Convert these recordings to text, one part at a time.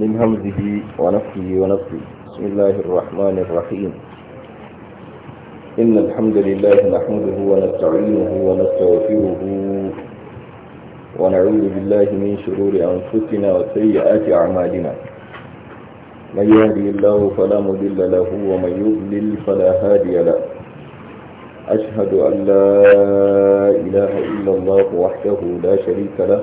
من همزه ونفسه ونفسه بسم الله الرحمن الرحيم إن الحمد لله نحمده ونستعينه ونستغفره ونعوذ بالله من شرور أنفسنا وسيئات أعمالنا من يهدي الله فلا مضل له ومن يضلل فلا هادي له أشهد أن لا إله إلا الله وحده لا شريك له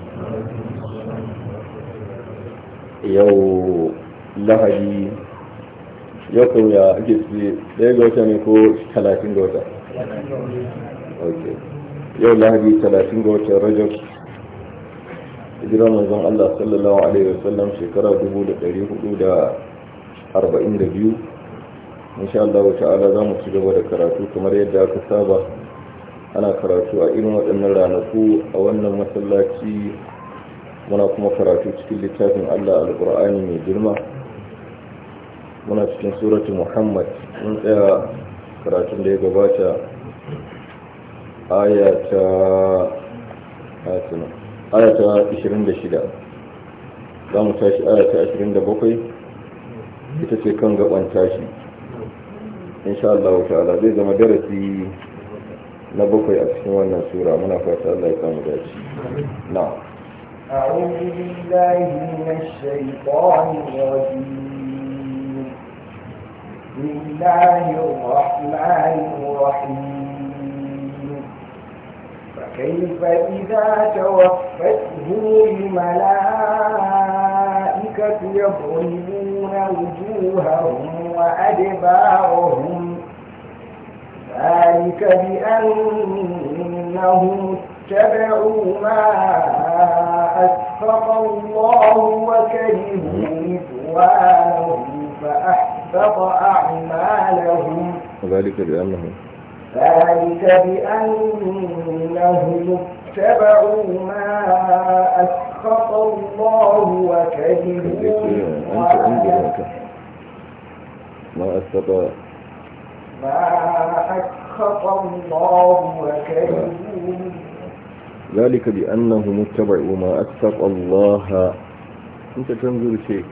yau lahadi yau kan ake su ɗaya ga wata ne ko talatin ga wata yau lahadi talatin ga wata rajab hijira manzon Allah sallallahu alaihi wasallam shekara 1442 insha Allah ta'ala za mu ci gaba da karatu kamar yadda aka saba ana karatu a irin waɗannan ranaku a wannan masallaci muna kuma karatu cikin littafin Allah al-Qur'ani mai girma muna cikin suratun Muhammad mun tsaya karatun da ya gabata ayata ayata 26 za mu tashi ayata 27 ita ce kan gaban tashi insha Allah ta'ala zai zama darasi na bakwai a cikin wannan sura muna fata Allah ya samu dace na'am بالله من الشيطان الرجيم بسم الله الرحمن الرحيم فكيف إذا توفتهم الملائكة يضربون وجوههم وأدبارهم ذلك بأنهم اتبعوا ما أحرق الله وكرهوا رضوانهم فأحبط أعمالهم وذلك بأنهم ذلك بأنهم اتبعوا ما أسخط الله وكرهوا ما أسخط ما أسخط الله وكرهوا ذلك بأنهم اتبعوا ما أتقى الله أنت تنظر شيء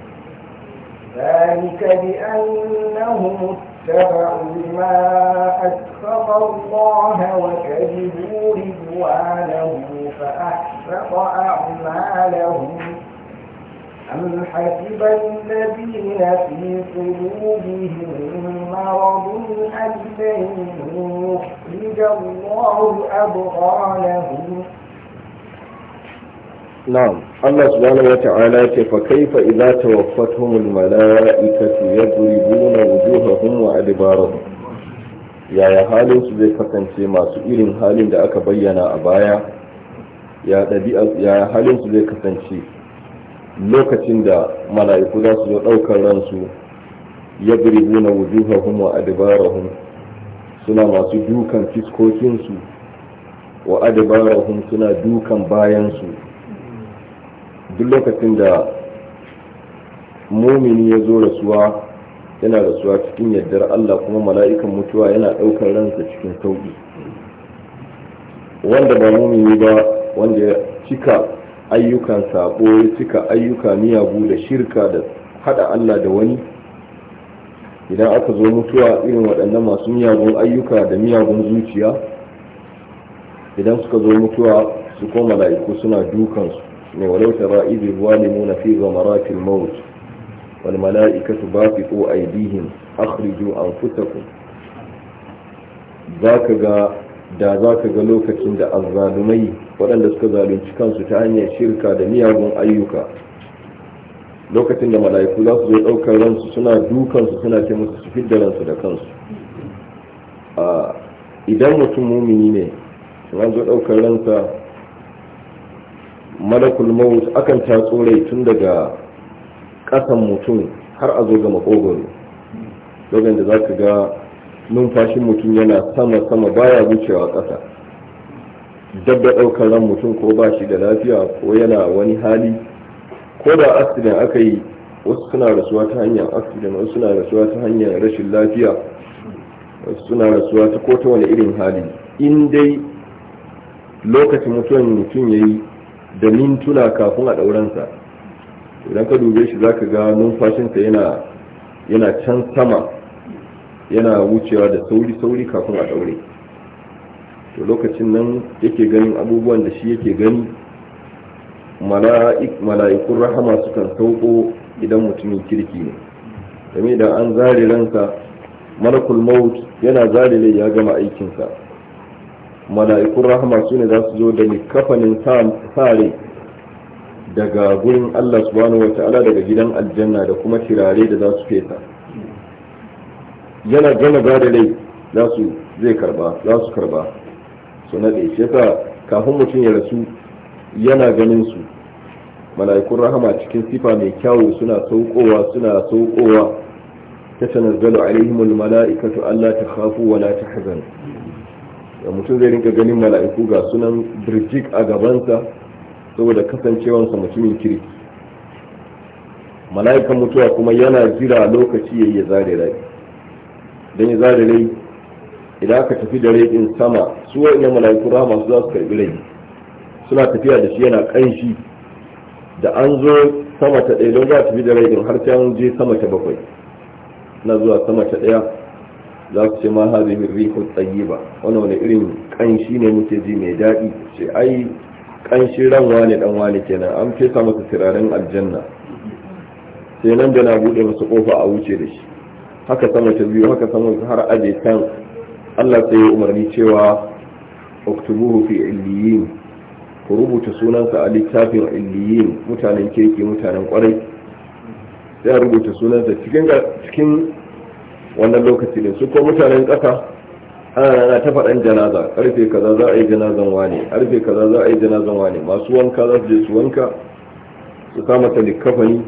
ذلك بأنهم اتبعوا ما أتقى الله وكذبوا رضوانه فأحفظ أعمالهم أم حسب الذين في قلوبهم مرض أن لن يخرج الله أبغانهم na'am Allah subhanahu wata'ala ce fa kaifa idza tawaffatuhumul mala'ikatu yadribuna wujuhahum wa adbarahum yaya halin zai kasance masu irin halin da aka bayyana a baya ya dabi'a yaya halin zai kasance lokacin da mala'iku za su zo daukar ransu yadribuna wujuhahum wa adbarahum suna masu dukan fiskokinsu wa adabarahum suna dukan bayansu duk lokacin da mumini ya zo rasuwa yana rasuwa cikin yardar Allah kuma mala'ikan mutuwa yana ɗaukar ransa cikin sauƙi wanda ba mumini ba wanda ya cika ayyukan sabo ya cika ayyuka miyagu da shirka da haɗa Allah da wani idan aka zo mutuwa irin waɗannan masu miyagun ayyuka da miyagun zuciya idan suka zo mutuwa su ko mala'iku suna dukansu ne wa tara idil walimuna fi ghamaratil maut wal mala'ikatu baqitu aydihim akhriju anfusakum zaka ga da zaka ga lokacin da azzalumai waɗanda suka zalunci kansu ta hanyar shirka da miyagun ayyuka lokacin da mala'iku za su zo ɗaukar ransu suna dukansu suna ce musu su fidda ransu da kansu idan mutum mumini ne suna zo ɗaukar ransa malakul maut akan tatso rai tun daga kasan mutum har a zo ga makogoro lokacin da za ka ga numfashin mutum yana sama sama baya wucewa kasa dab da daukar ran mutum ko ba shi da lafiya ko yana wani hali ko da accident aka yi wasu suna rasuwa ta hanyar accident wasu suna rasuwa ta hanyar rashin lafiya wasu suna rasuwa ta ko ta wani irin hali in dai lokacin mutuwan mutum ya yi da mintuna kafin a ɗauransa idan ka dube shi za ka ga numfashinsa yana can sama yana wucewa da sauri-sauri kafin a ɗaure to lokacin nan yake ganin abubuwan da shi yake gani mala'ikun rahama sukan sauko idan mutumin kirki ne game da an zare ransa malakul maut yana zare ya gama aikinsa mala'ikun rahama su ne za su zo da kafanin sare daga gurin Allah subhanahu ta'ala daga gidan aljanna da kuma tirare da za su fesa yana gana ba da za su zai karba za su karba su naɗe shi yasa kafin mutum ya rasu yana ganin su mala'ikun rahama cikin sifa mai kyawu suna saukowa suna saukowa ta tanazzalu alaihimul mala'ikatu Allah ta khafu wa la hazan. mutum zai rinka ganin mala'iku ga sunan birjik a gabansa saboda kasancewansa mutumin kirki mala'ikan mutuwa kuma yana jira lokaci ya yi zare rai don ya zare rai idan aka tafi da rai sama su ina mala'iku rama su za su karbi rai suna tafiya da shi yana kanshi da an zo sama ta ɗaya don za a tafi da rai har sai an je sama ta bakwai na zuwa sama ta ɗaya za su ce ma hazihi rikon tsayi ba. wani wani irin kanshi ne muke ji mai daɗi ce ai kanshin ran wani dan wani kenan an fesa masa turaren aljanna sai nan da na buɗe masu ƙofa a wuce da shi haka sama ta biyu haka sama har aje kan Allah sai ya umarni cewa uktubuhu fi illiyin ku rubuta sunansa a littafin illiyin mutanen kirki mutanen kwarai sai rubuta sunansa cikin wannan lokaci ne su ko mutanen ƙasa ana ta faɗan janaza ƙarfe kaza za a yi janazan wane ƙarfe kaza za a yi janazan wane masu wanka za su je su wanka su kama ta likafani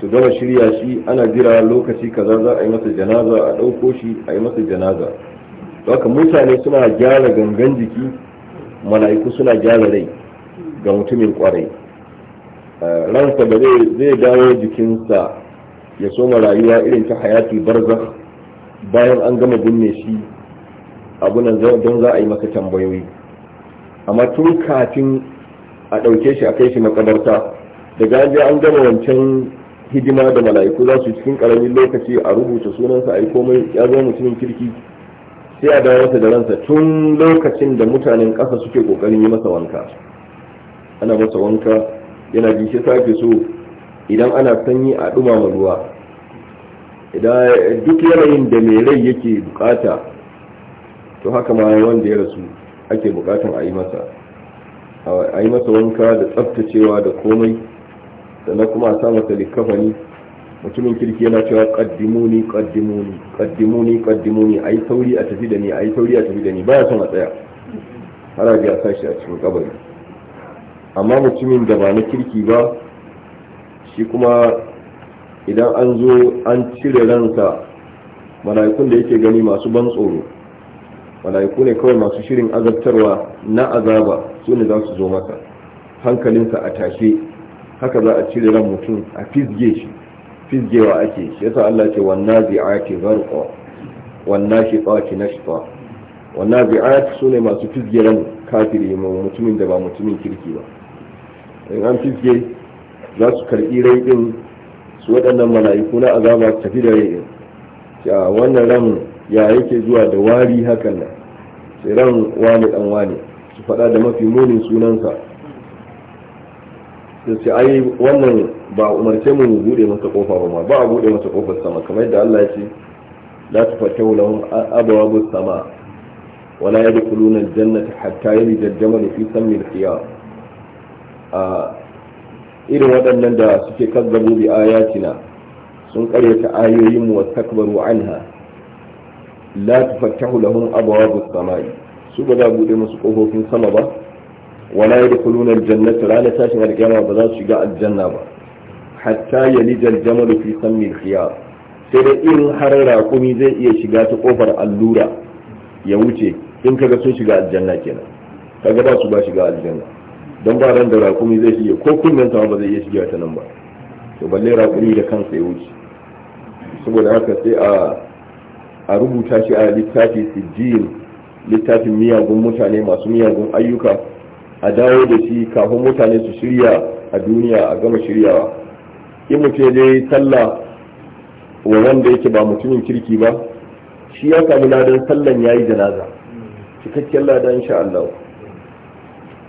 su gama shirya shi ana jira lokaci kaza za a yi masa janaza a ɗauko shi a yi masa janaza haka mutane suna gyara gangan jiki mala'iku suna gyara rai ga mutumin kwarai eh, ransa ba zai dawo jikinsa ya soma rayuwa irin ta hayati barza bayan an gama binne shi abunan don za a yi masa tambayoyi amma tun kafin a ɗauke shi a kai shi makabarta daga an je an gama wancan hidima da mala'iku za su cikin ƙaramin lokaci a rubuta sunansa a yi komai ya zama mutumin kirki sai a dawo da ransa tun lokacin da mutanen ƙasa suke ƙoƙarin yi masa wanka ana masa wanka yana ji shi sake so idan ana sanyi a dumama ruwa idan duk yanayin da mai rai yake bukata to haka ma wanda ya rasu ake bukatan a yi masa a yi masa wanka da tsaftacewa da komai sannan kuma a sa masa likafani mutumin kirki yana cewa kaddimuni kaddimuni kaddimuni kaddimuni a yi sauri a tafi da ni a yi sauri a tafi da ni baya son a tsaya har a biya sashi a cikin kabari amma mutumin da ba na kirki ba shi kuma idan an zo an cire ransa mala'ikun da yake gani masu ban tsoro mala'iku ne kawai masu shirin azabtarwa na azaba su ne za su zo masa hankalinsa a tashe haka za a cire ran mutum a fizge shi fizgewa ake shi yasa Allah ce wannan zi'ati barqa wannan fati nashqa wannan zi'at su ne masu fizge ran kafiri mutumin da ba mutumin kirki ba in an fizge za su karbi rai din su waɗannan mala'iku na azaba su tafi da rai din wannan ran ya yake zuwa da wari hakan nan sai ran wani dan wani su faɗa da mafi munin sunansa sai sai ai wannan ba umarce mu bude masa kofa ba ma ba a bude masa kofar sama kamar yadda Allah ya ce la tufatahu lahum abwaabus sama wala yadkhuluna al-jannata hatta yalija fi sammi al-khiyar irin waɗannan da suke kazzabu bi ayatina sun karyata ayoyin mu wastakbaru anha la tufattahu lahum abwabus samai su ba za bude musu kofofin sama ba wala yadkhuluna aljannata ranar tashin alkiyama ba za su shiga aljanna ba hatta yalija aljamalu fi sammi alkhiyar sai dai irin har raƙumi zai iya shiga ta kofar allura ya wuce in kaga sun shiga aljanna kenan kaga ba su ba shiga aljanna don ba ran da rakumi zai shige ko kunnan sama ba zai iya shige ta nan ba to balle rakumi da kansa ya wuce saboda haka sai a a rubuta shi a littafi sijil littafin miyagun mutane masu miyagun ayyuka a dawo da shi kafin mutane su shirya a duniya a gama shiryawa in mutum dai sallah wa wanda yake ba mutumin kirki ba shi ya samu ladan sallan ya yayi janaza cikakken ladan insha Allah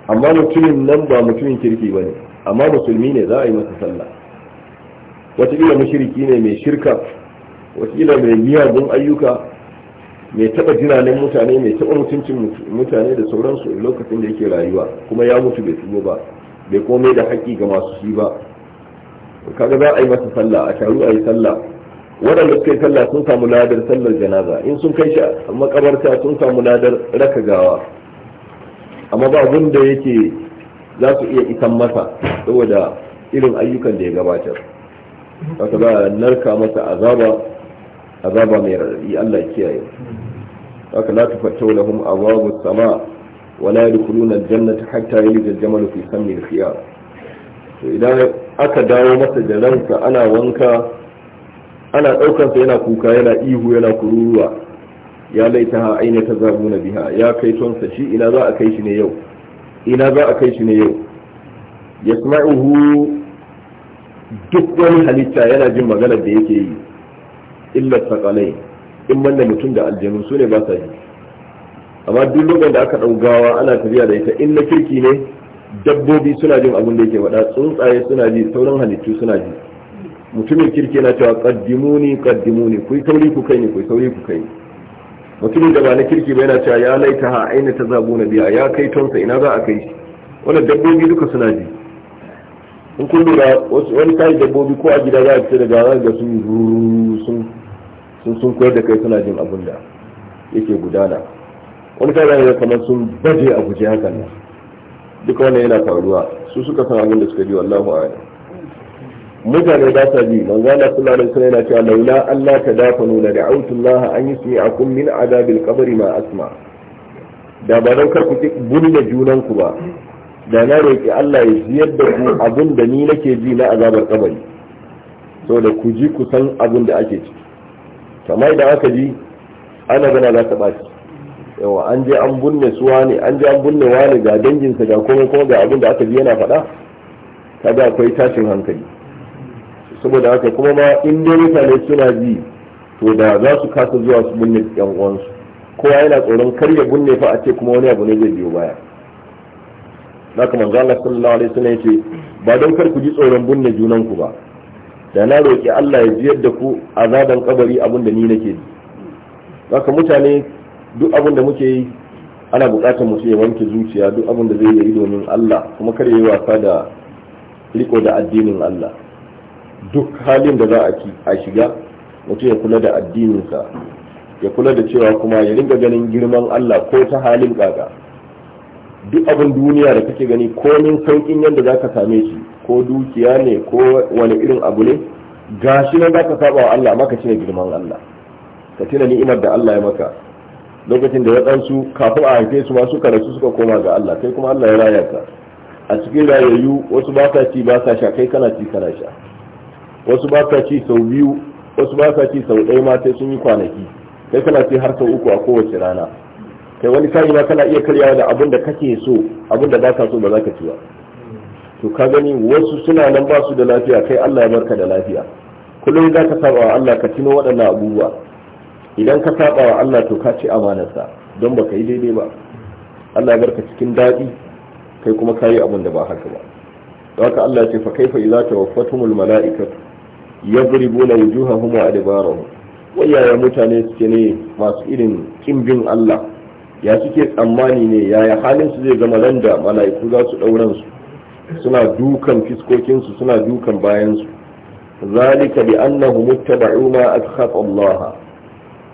amma mutumin nan ba mutumin kirki ba ne amma musulmi ne za a yi masa sallah wataƙila mashiriki ne mai shirka wataƙila mai miyagun ayyuka mai taɓa jiranen mutane mai taɓa mutuncin mutane da sauransu lokacin da yake rayuwa kuma ya mutu bai tubo ba bai komai da haƙƙi ga masu shi ba kaga za a yi masa sallah a taru a yi sallah waɗanda suka yi sallah sun samu ladar sallar janaza in sun kai shi a makabarta sun samu ladar raka gawa amma ba abin da yake za su iya isan masa saboda irin ayyukan da ya gabatar haka ba narka masa azaba azaba mai raɗaɗi Allah kiyaye haka la tufatta lahum awabu sama wala yadkhuluna aljannata hatta yalija al-jamalu fi sammi alkhiyar to idan aka dawo masa da ranka ana wanka ana daukar yana kuka yana ihu yana kururuwa ya laitaha aina na biha ya kai sa, shi ina za a kai shi ne yau ina za a kai shi ne yau yasma'uhu duk wani halitta yana jin maganar da yake yi illa sakalai in banda mutum da aljanu su ne ba sa yi amma duk lokacin da aka gawa ana tafiya da ita in na kirki ne dabbobi suna jin abin da yake wada tsuntsaye suna ji sauran halittu suna ji mutumin kirki yana cewa kaddimuni kaddimuni ku sauri ku kai ni ku sauri ku kai ni mutumin da ba na kirki ba yana cewa ya laita ha aina ta zabu na biya ya kai tonsa ina za a kai shi wannan dabbobi duka suna ji in kun lura wani tayi dabbobi ko a gida za a fita daga ranar da sun sun sun sun koyar da kai suna jin abin da yake gudana wani tayi yana kamar sun baje a guje hakan nan duka wannan yana faruwa su suka san abin da suka ji wallahu a'lam mutane ba sa ji manzo Allah sallallahu alaihi wasallam yana cewa laula Allah ta dafa nuna. Da da'awtu Allah an akum min adabil qabri ma asma da ba dan kar ku ki da junan ku ba da na roki Allah ya ziyar da ku abin da ni nake ji na azabar kabari so da ku ji ku san abin da ake ciki kamar da aka ji ana gana za ta ɓaci yawa an je an bunne suwa ne an je an bunne wani ga danginsa ga komai kuma ga abin da aka ji yana faɗa kaga akwai tashin hankali saboda haka kuma ma in dai mutane suna ji to da za su kasa zuwa su binne yan uwansu kowa yana tsoron kar ya binne fa a ce kuma wani abu ne zai biyo baya kuma manzo Allah sallallahu alaihi wasallam yace ba don kar ku ji tsoron binne junan ku ba da na roki Allah ya jiyar da ku azaban kabari abin da ni nake ji haka mutane duk abin da muke yi ana bukatar mu ya wanke zuciya duk abin da zai yi domin Allah kuma kar ya yi wasa da riko da addinin Allah duk halin da za a shiga mutum ya kula da addininsa ya kula da cewa kuma ya dinga ganin girman Allah ko ta halin kaka duk abin duniya da kake gani komin saukin yadda za ka same shi ko dukiya ne ko wani irin abu ne gashi nan za ka saba wa Allah maka cire girman Allah ka tuna ni'imar da Allah ya maka lokacin da ya waɗansu kafin a haife su ma suka rasu suka koma ga Allah kai kuma Allah ya raya ka a cikin rayayyu wasu ba sa ci ba sa sha kai kana ci kana sha wasu ba sa ci sau biyu wasu ba sa ci sau ɗaya ma sai sun yi kwanaki kai kana ci har sau uku a kowace rana kai wani sa'i ma kana iya karyawa da abin da kake so abin da baka so ba za ka ci ba to ka gani wasu suna nan ba su da lafiya kai Allah ya barka da lafiya kullum za ka saba wa Allah ka tuno waɗannan abubuwa idan ka saba wa Allah to ka ci amanarsa don baka yi daidai ba Allah ya barka cikin daɗi kai kuma yi abin da ba haka ba haka Allah ya ce fa kaifa idza tawaffatumul mala'ikatu yadribuna wujuhahum wa adbarahum wayaya mutane suke ne masu irin kimbin Allah ya suke tsammani ne yaya halin su zai zama nan da mala'iku za su dauran su suna dukan fiskokin su suna dukan bayan su zalika bi annahum muttaba'u ma akhaf Allah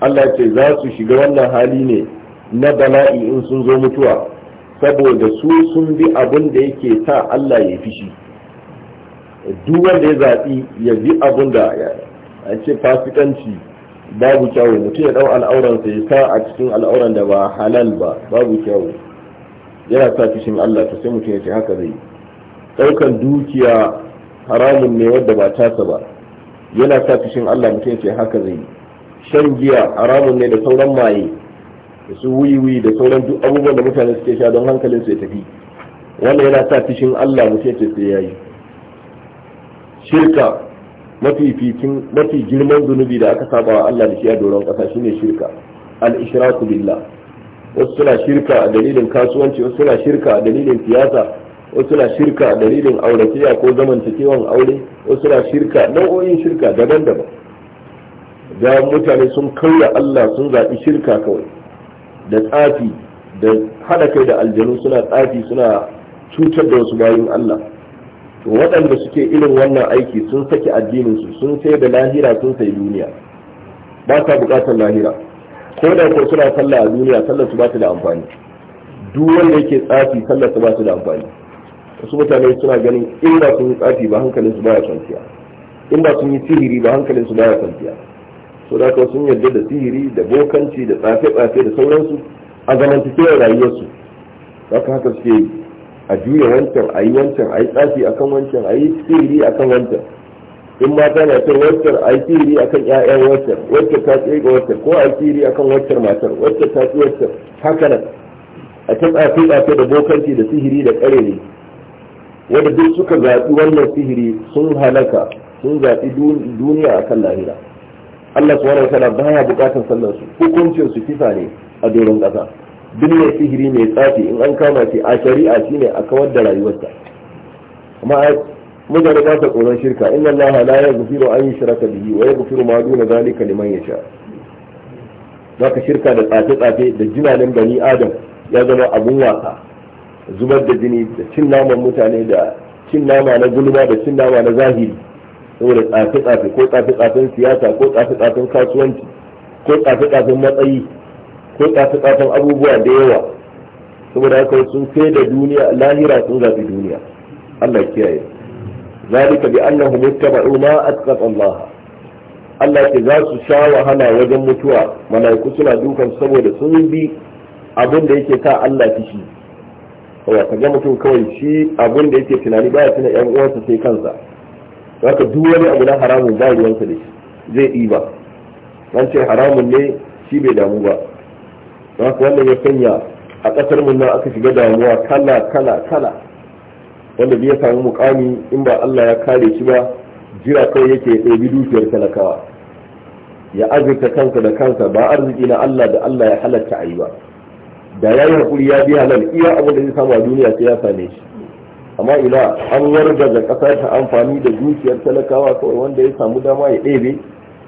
Allah ce za su shiga wannan hali ne na bala'i in sun zo mutuwa saboda su sun bi abin da yake sa Allah ya fishi duk wanda ya zaɓi ya bi abun da a ce fasikanci babu kyawu mutum ya ɗau al'auransa ya sa a cikin al'auran da ba halal ba babu kyawu yana sa fishin Allah ta sai mutum ya ce haka zai ɗaukan dukiya haramun ne wadda ba tasa ba yana sa fishin Allah mutum ya ce haka zai shan giya haramun ne da sauran maye da su wuyi da sauran duk abubuwan da mutane suke sha don hankalin su ya tafi wannan yana sa fishin Allah mutum ya ce sai yayi shirka mafificin mafi girman zunubi da aka saba wa Allah da shi a doron ƙasa shine shirka al-ishraku billah wasu suna shirka a dalilin kasuwanci wasu suna shirka a dalilin siyasa wasu suna shirka a dalilin auratayya ko zamantakewan aure wasu suna shirka nau'o'in shirka daban-daban da mutane sun kauya Allah sun zaɓi shirka kawai da tsafi da haɗa kai da aljanu suna tsafi suna cutar da wasu bayin Allah to waɗanda suke irin wannan aiki sun saki addininsu sun sai da lahira sun sai duniya ba sa buƙatar lahira ko da ko suna sallah a duniya sallar su ba ta da amfani duk wanda yake tsafi sallar su ba ta da amfani wasu mutane suna ganin in ba sun yi tsafi ba hankalin su baya kwanciya in ba sun yi sihiri ba hankalin su baya kwanciya so da ka sun yarda da sihiri da bokanci da tsafe-tsafe da sauransu a zamantakewar rayuwarsu Za ka haka suke yi a juya wancan a yi wancan a yi tsafi a kan wancan a yi sihiri a kan wancan in mata na son wancan a yi sihiri a kan ƴaƴan wancan wancan ta tsaye ga wancan ko a yi sihiri a kan wancan matar wancan ta tsaye wancan haka nan a can tsafi tsafi da bokanci da sihiri da kare ne wanda duk suka zaɓi wannan sihiri sun halaka sun zaɓi duniya a kan lahira Allah subhanahu wa ta'ala baya bukatar sallar su hukuncin su kifa ne a doron ƙasa duniyar sihiri mai tsafi in an kama shi a shari'a shine a kawar da rayuwarta. amma mutane ba ta tsoron shirka inna Allah la yaghfiru an yushraka bihi wa yaghfiru ma duna zalika liman yasha zaka shirka da tsafe tsafe da jinalin bani adam ya zama abun wasa zubar da jini da cin naman mutane da cin nama na gulma da cin nama na zahiri saboda tsafe tsafe ko tsafe tsafen siyasa ko tsafe tsafen kasuwanci ko tsafe tsafen matsayi akwai tsatsatsatsan abubuwa da yawa saboda haka sun sai da duniya lahira sun zafi duniya Allah kiyaye zalika bi annahum ittaba'u ma atqata Allah Allah ke za su sha wahala wajen mutuwa mala'iku suna dukan saboda sun bi abin da yake sa Allah kishi wa ka ga mutum kawai shi abin da yake tunani baya tuna yan uwansa sai kansa haka duk wani abu na haramun ba ruwansa da shi zai ɗiba an ce haramun ne shi bai damu ba don haka wannan ya sanya a ƙasar mu nan aka shiga damuwa kala kala kala wanda bai samu mukami in ba Allah ya kare shi ba jira kawai yake ya ɗebi dukiyar talakawa ya azurta kansa da kansa ba arziki na Allah da Allah ya halatta a yi ba da ya yi hakuri ya biya halal iya abin da zai samu a duniya sai ya same shi amma ina an warga da ƙasa ta amfani da dukiyar talakawa kawai wanda ya samu dama ya ɗebe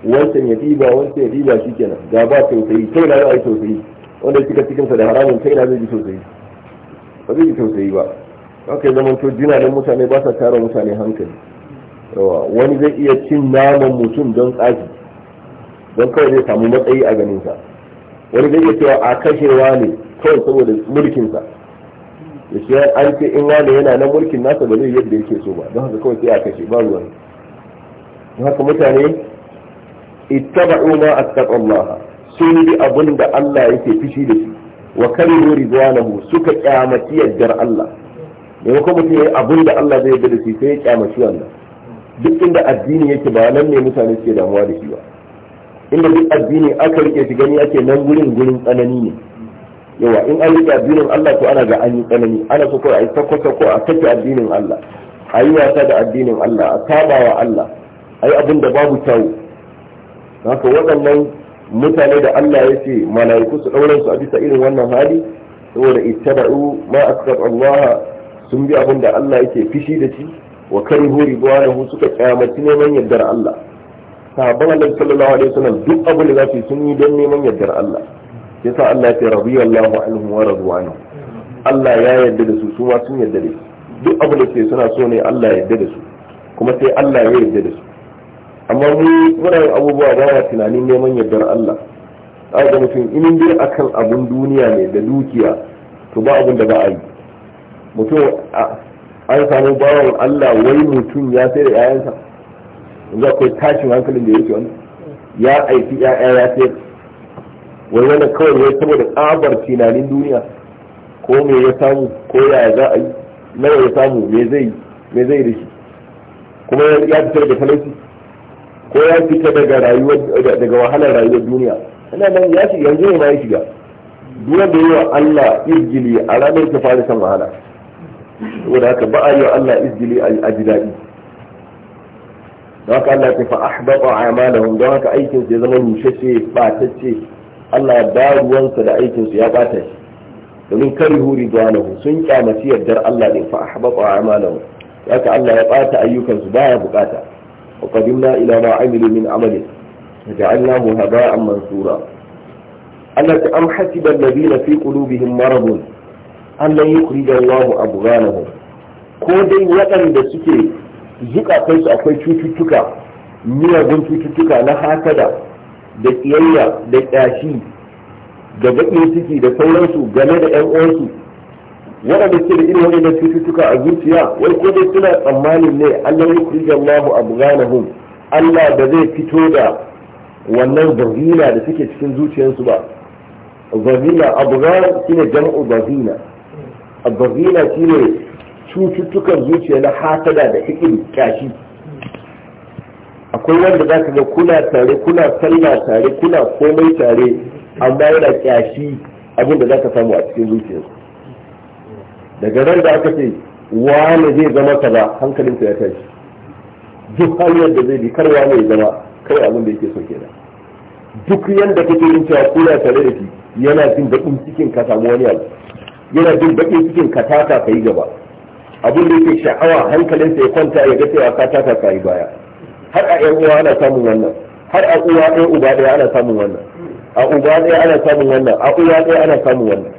wancan ya ɗiba wancan ya ɗiba shi kenan ga ba tausayi kai na yi tausayi wanda kika cikin sa da haramun sai ina zai ji tausayi ba zai ji tausayi ba haka ya zama to jinanin mutane ba sa tara mutane hankali yawa wani zai iya cin naman mutum don tsaki don kawai zai samu matsayi a ganin sa wani zai iya cewa a kashewa ne kawai saboda mulkin sa ya shi an ce in wani yana na mulkin nasa ba zai yadda yake so ba don haka kawai sai a kashe ba ruwan don haka mutane ittaba'u ma attaqallaha sun bi abin da Allah yake fishi da shi wa na ridwanahu suka kyamaci yaddar Allah ne kuma mutum abin da Allah zai bi da shi sai ya kyamaci wannan duk inda addini yake ba nan ne mutane suke damuwa da shi ba inda duk addini aka rike shi gani ake nan gurin gurin tsanani ne yawa in an rike addinin Allah to ana ga an yi tsanani ana so ko a yi takwasa ko a tafi addinin Allah a yi wasa da addinin Allah a saba Allah a yi abin da babu kyau haka waɗannan mutane da Allah ya ce mala'iku su ɗauran su a bisa irin wannan hali saboda ittaba'u ma asqat Allah sun bi abin da Allah yake fishi da shi wa karihu ridwanahu suka kyamaci neman yardar Allah sahabban Allah sallallahu alaihi wasallam duk abin da zasu sun yi don neman yardar Allah yasa Allah ya ce radiyallahu anhu wa radwanu Allah ya yarda da su su ma sun yarda da su duk abin da suke suna so ne Allah ya yarda da su kuma sai Allah ya yarda da su amma mu muna yin abubuwa ba ya tunanin neman yardar Allah a ga mutum in a akan abun duniya ne da dukiya to ba abun da ba a yi mutum an samu bawan Allah wai mutum ya sai da 'ya'yansa yanzu akwai tashin hankalin da yake wani ya aiki 'ya'ya ya sai wai wanda kawai wai saboda tsabar tunanin duniya ko me ya samu ko ya za a yi nawa ya samu me zai me zai da shi kuma ya fitar da talauci ko ya fita daga rayuwar daga wahalar rayuwar duniya ina nan ya shiga yanzu ne ma ya shiga duk da yi Allah izgili a ranar ta fara san wahala saboda haka ba a yi Allah izgili a ji daɗi don haka Allah ta fa ahbaba amalahum don haka aikin su ya zama nushashe batacce Allah ya ba ruwansa da aikin su ya bata shi domin da ridwanahu sun kyamaci yardar Allah din fa ahbaba amalahum haka Allah ya bata ayyukan su ya bukata وقدمنا إلى ما عملوا من عمل فجعلناه هباء منثورا ألك أم حسب الذين في قلوبهم مرض أن لن يخرج الله أبغانهم ko dai waɗanda suke zukatansu akwai cututtuka miyagun cututtuka na hakada da ƙiyayya da ƙyashi da baƙin ciki da sauransu game da 'yan waɗanda suke da irin waɗannan cututtuka a zuciya wai ko dai suna tsammanin ne Allah ya kurje Allahu abghanahum Allah da zai fito da wannan zargina da suke cikin zuciyarsu ba zargina abghan shine jam'u zargina zargina shine cututtukan zuciya na hasada da hikim kashi akwai wanda za ka ga kuna tare kuna sallah tare kuna komai tare amma yana kyashi abin da za ka samu a cikin zuciyarsu daga ran da aka ce wane zai zama kaza hankalinsa ya tashi duk hanyar da zai bi kar wane ya zama kai abin da yake so ke duk yadda kake yin cewa ya tare da shi yana jin baƙin cikin ka samu wani abu yana jin baƙin cikin ka taka ka yi gaba abin da yake sha'awa hankalinsa ya kwanta ya ga cewa ka taka ka yi baya har a yan uwa ana samun wannan har a uwa ɗaya uba ɗaya ana samun wannan a uba ɗaya ana samun wannan a uwa ɗaya ana samun wannan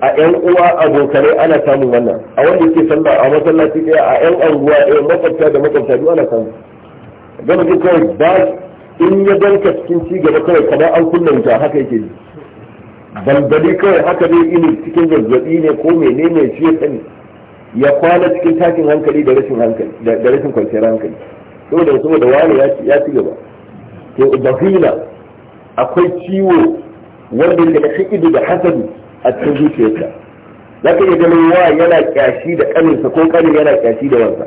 a yan uwa abokanai ana samun wannan a wanda yake sallah a masallaci daya a yan anguwa ɗaya makwabta da makwabta duk ana samu gama ji kawai ba in ya danka cikin ci gaba kawai kamar an kunna wuta haka yake ji balbali kawai haka dai ini cikin zazzabi ne ko menene shi ya sani ya kwana cikin takin hankali da rashin hankali da rashin kwanciyar hankali saboda saboda wani ya ci gaba to bahila akwai ciwo wanda yake da ido da hasadi a cikin zuciyarsa za ka iya ganin wa yana kyashi da kaninsa ko kanin yana kyashi da wansa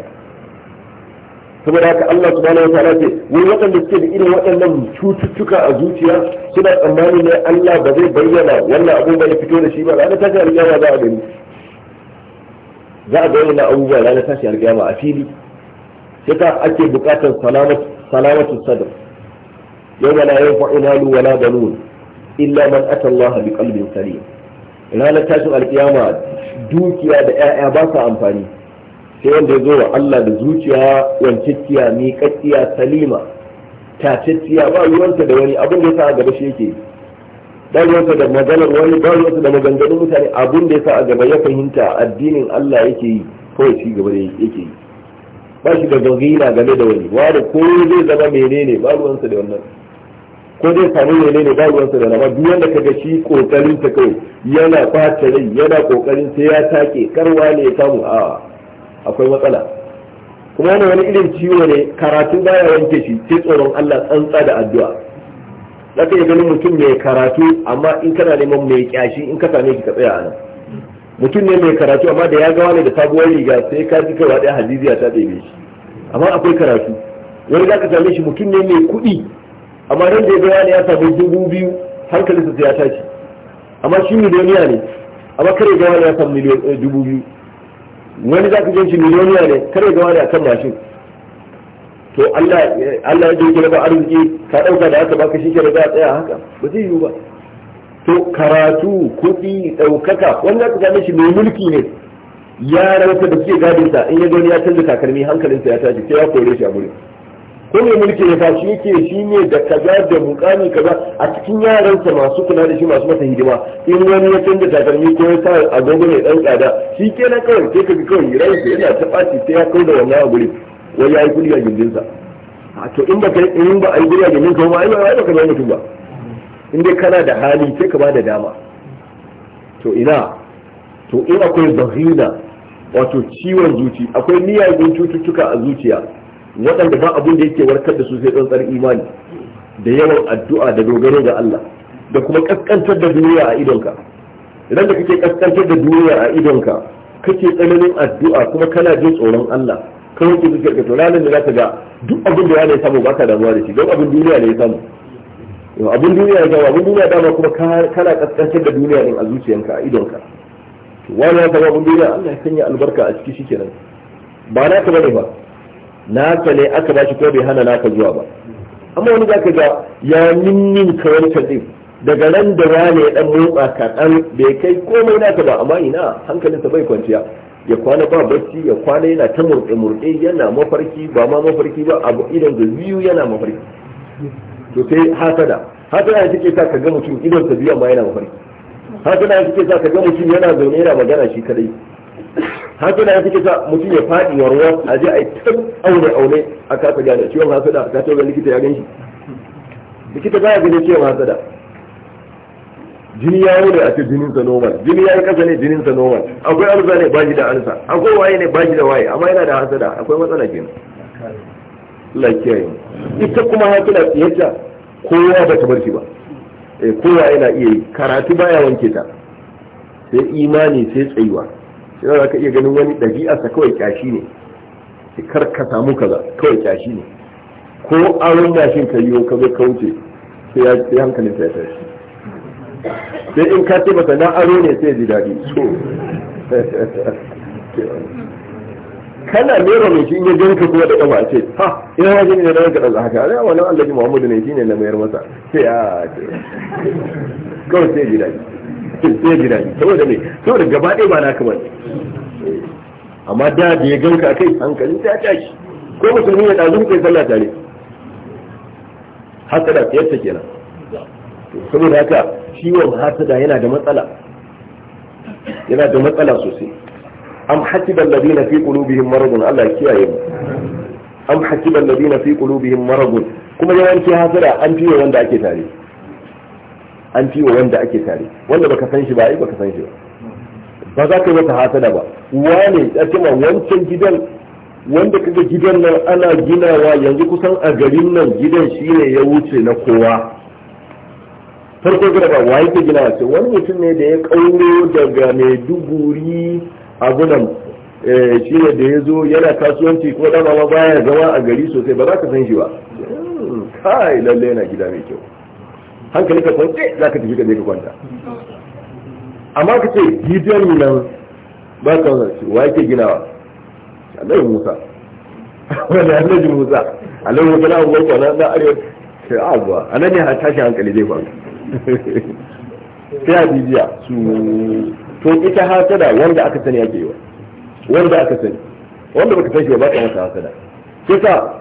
saboda haka Allah subhanahu wataala ce wai waɗanda suke da irin waɗannan cututtuka a zuciya suna tsammani ne Allah ba zai bayyana wannan abun ba ya fito da shi ba ranar tashi alƙiyama za a gani za a gani na abubuwa ranar tashi alƙiyama a fili sai ake buƙatar salamatu sadr yau wala yau fa'inalu wala banun illa man ata Allah bi ranar tashin alkiyama dukiya da 'ya'ya ba su amfani sai wanda ya zo wa Allah da zuciya wancicciya miƙacciya salima tacicciya ba ruwanta da wani abin da ya sa a gaba shi yake ba ruwanta da maganar wani ba ruwanta da maganganun mutane abin da ya sa a gaba ya fahimta addinin Allah yake yi kawai ci gaba da yake yi ba shi da gangina game da wani wani ko zai zama menene ba ruwansa da wannan ko zai samu ne ne ba ruwansa da rama duk wanda kaga shi kokarin ta kai yana bata rai yana kokarin sai ya take karwa ne ya samu a akwai matsala kuma yana wani irin ciwo ne karatu baya wanke shi sai tsoron Allah tsantsa da addu'a zaka iya ganin mutum mai karatu amma in kana neman mai kyashi in ka same shi ka tsaya anan mutum ne mai karatu amma da ya ga wani da sabuwar riga sai ka ji kawai da hadiziya ta ɗebe shi amma akwai karatu wani za ka same shi mutum ne mai kuɗi amma ran da ya gaya ne ya samu dubu biyu hankalinsa sai ya tashi amma shi miliyoniya ne amma kare gawa ne ya samu eh, dubu biyu wani za ka shi miliyoniya ne kare gawa ne a kan mashin to Allah ya jirgin ba arziki ka ɗauka da haka baka shi ke da tsaya haka ba zai yiwu ba to karatu kuɗi ɗaukaka wanda ka same shi mai mulki ne Ya rawata da suke gadinsa in ya gani ya canza takalmi hankalinsa ya tashi sai ya kore shi a gurin ko mulki ya fashi yake shi ne da kaza da mukami kaza a cikin yaransa masu kula da shi masu masa hidima in wani ya canza takalmi ko ya sa agogo mai dan tsada shi ke na kawai ke ka ga kawai rai sai yana ta faci sai ya kauda wannan a guri wai yayi kudi a gindinsa a to in ba kai in ba ai guri a gindinka ba ai ba ka ba mutum ba in dai kana da hali sai ka ba da dama to ina to in akwai zahira wato ciwon zuci akwai miyagun cututtuka a zuciya waɗanda ba abin da yake warkar da su sai tsantsar imani da yawan addu'a da dogaro ga Allah da kuma kaskantar da duniya a idonka idan da kake kaskantar da duniya a idonka kake tsananin addu'a kuma kana jin tsoron Allah kawai ke zuciyar ka to ranar da za ka ga duk abin da ya samu ba ka damuwa da shi don abin duniya ne ya samu abin duniya ya zama abin duniya dama kuma kana kaskantar da duniya din a zuciyanka a idonka wani ya zama abin duniya Allah ya sanya albarka a ciki shikenan ba na ta bane ba naka ne aka shi ko bai hana naka zuwa ba amma wani zaka ga ya kawai ta kadin daga ran da wani ya dan motsa kaɗan bai kai komai naka ba amma ina hankalinsa bai kwanciya ya kwana ba bacci ya kwana yana ta murɗe murɗe yana mafarki ba ma mafarki ba abu idan da biyu yana mafarki to sai hasada hasada take sa ka ga mutum idan ta biyu amma yana mafarki hasada take sa ka ga mutum yana zaune yana magana shi kadai hasada ya fi sa mutum ya faɗi warwa a je a yi ta aune aune a kasa gane ciwon hasada ka ce likita ya gan shi likita ya ganin ciwon hasada jini ya yi a ce jinin sa normal jini ya yi kasa ne jinin sa normal akwai alsa ne bashi da alsa akwai waye ne bashi da waye amma yana da hasada akwai matsala kenan Allah yi ita kuma hasada tsiyarta kowa ba ta bar shi ba eh, kowa yana iya yi karatu baya wanke ta sai imani sai tsayuwa yana za ka iya ganin wani ɗabi'arsa kawai kyashi ne kar ka samu kaza kawai kyashi ne ko aron yashin ka yiwo ka zai kauce sai ya sai hankalin ta ya tashi sai in ka ce masa na aro ne sai ya ji daɗi so kana nera mai shi in ya ganka kuma da kama a ce ha ina ya gani da ranka da haka a wani Allah ji Muhammadu ne ne na mayar masa sai a kawai sai ya ji daɗi sai ji daɗi saboda me saboda gaba ɗaya ba na kamar amma da da ya ganka akai hankalin ta tashi ko musulmi ya ɗazu kai sallah tare hasada ta kenan saboda haka ciwon hasada yana da matsala yana da matsala sosai am hasiba alladhina fi qulubihim maradun Allah kiyaye mu am hasiba alladhina fi qulubihim maradun kuma yawanci hasada an fiye wanda ake tare an fi wa wanda ake tare wanda baka san shi ba ai baka san shi ba ba za ka yi masa hasada ba ne ya cewa wancan gidan wanda kaga gidan nan ana ginawa yanzu kusan a garin nan gidan shi ne ya wuce na kowa farko gida ba wa yake gina ce wani mutum ne da ya kauro daga maiduguri abunan eh, shi ne da ya zo yana kasuwanci ko dama ma baya zama a gari sosai ba za ka san shi ba hmm, kai lalle yana gida mai kyau hankali ka kwance za ka tafi ka je ka kwanta amma ka ce gidan nan ba ka ce wa yake ginawa annabi musa wani annabi musa annabi musa na abubuwan kwana na arewa sai abuwa ah, a nan ne a tashi hankali zai kwanta sai a bibiya su to ita hasada wanda aka sani ake yi wa wanda aka sani wanda baka san shi ba ka masa hasada sai ka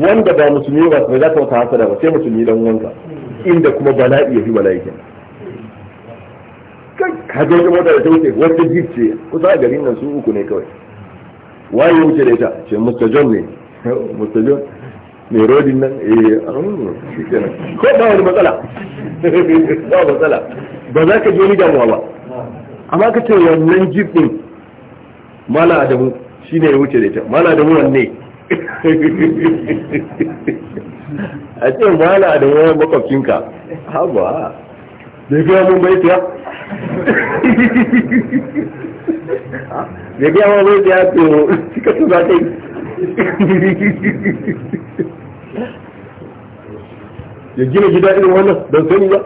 wanda ba musulmi ba sai za ka masa hasada ba sai musulmi dan wanka inda kuma bala'i ya fi mala'ikin kai ka mota da ta wuce wata jeep ce kusa a garin nan su uku ne kawai waye wuce da ita ce Mr. John ne Mr. John mai rodin nan eh shi kenan ko ba wani matsala ba matsala ba za ka je damuwa ba amma ka ce wannan jeep din mala adamu shine ya wuce da ita mala adamu wanne a ce na da yawan makwabcinka haba da biya mun bai tiya bai gaya mun bai tiya to cika su za ta yi ya gina gida irin wannan don sani ba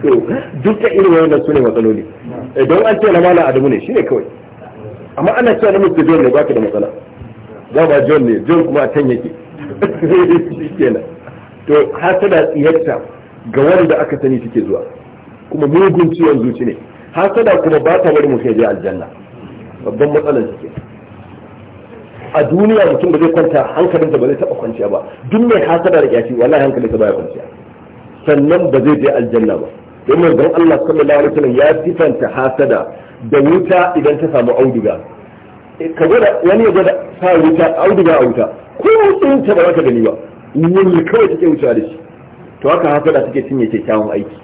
to duka irin wannan su ne matsaloli don an ce na mala adamu ne shine kawai amma ana cewa na musu john ne baka da matsala za ba john ne john kuma a can yake kenan, to hasada tsiyarta ga wanda aka sani take zuwa kuma mugun ciwon zuci ne hasada kuma ba ta bari mutum ya je aljanna babban matsalar shi a duniya mutum ba zai kwanta hankalinsa ba zai taba kwanciya ba duk mai hasada da kyashi wallahi hankalinsa baya kwanciya sannan ba zai je aljanna ba don manzon Allah sallallahu alaihi wasallam ya sifanta hasada da wuta idan ta samu auduga eh, ka gwada wani ya gwada sa wuta auduga a wuta ko tsinta ba za ka gani ba wani kawai take wuce da shi to haka hasada suke cinye kyakkyawan aiki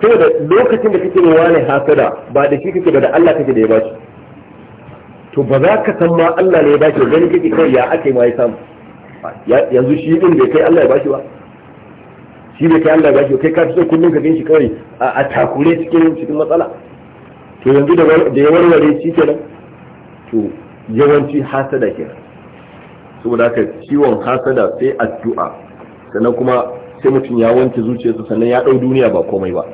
da lokacin da kake wa ne hasada ba da shi kake ba da Allah kake da ya bashi to ba za ka san ma Allah ne ya bashi ba gani kake kai ya ake ma ya samu yanzu shi din bai kai Allah ya bashi ba shi bai kai Allah ya bashi ba kai ka fito kullun ka ganshi kawai a takure cikin cikin matsala to yanzu da ya warware shi kenan to yawanci hasada kenan saboda haka ciwon hasada sai addu'a sannan kuma sai mutum ya wanke zuciyarsa sannan ya ɗau duniya ba komai ba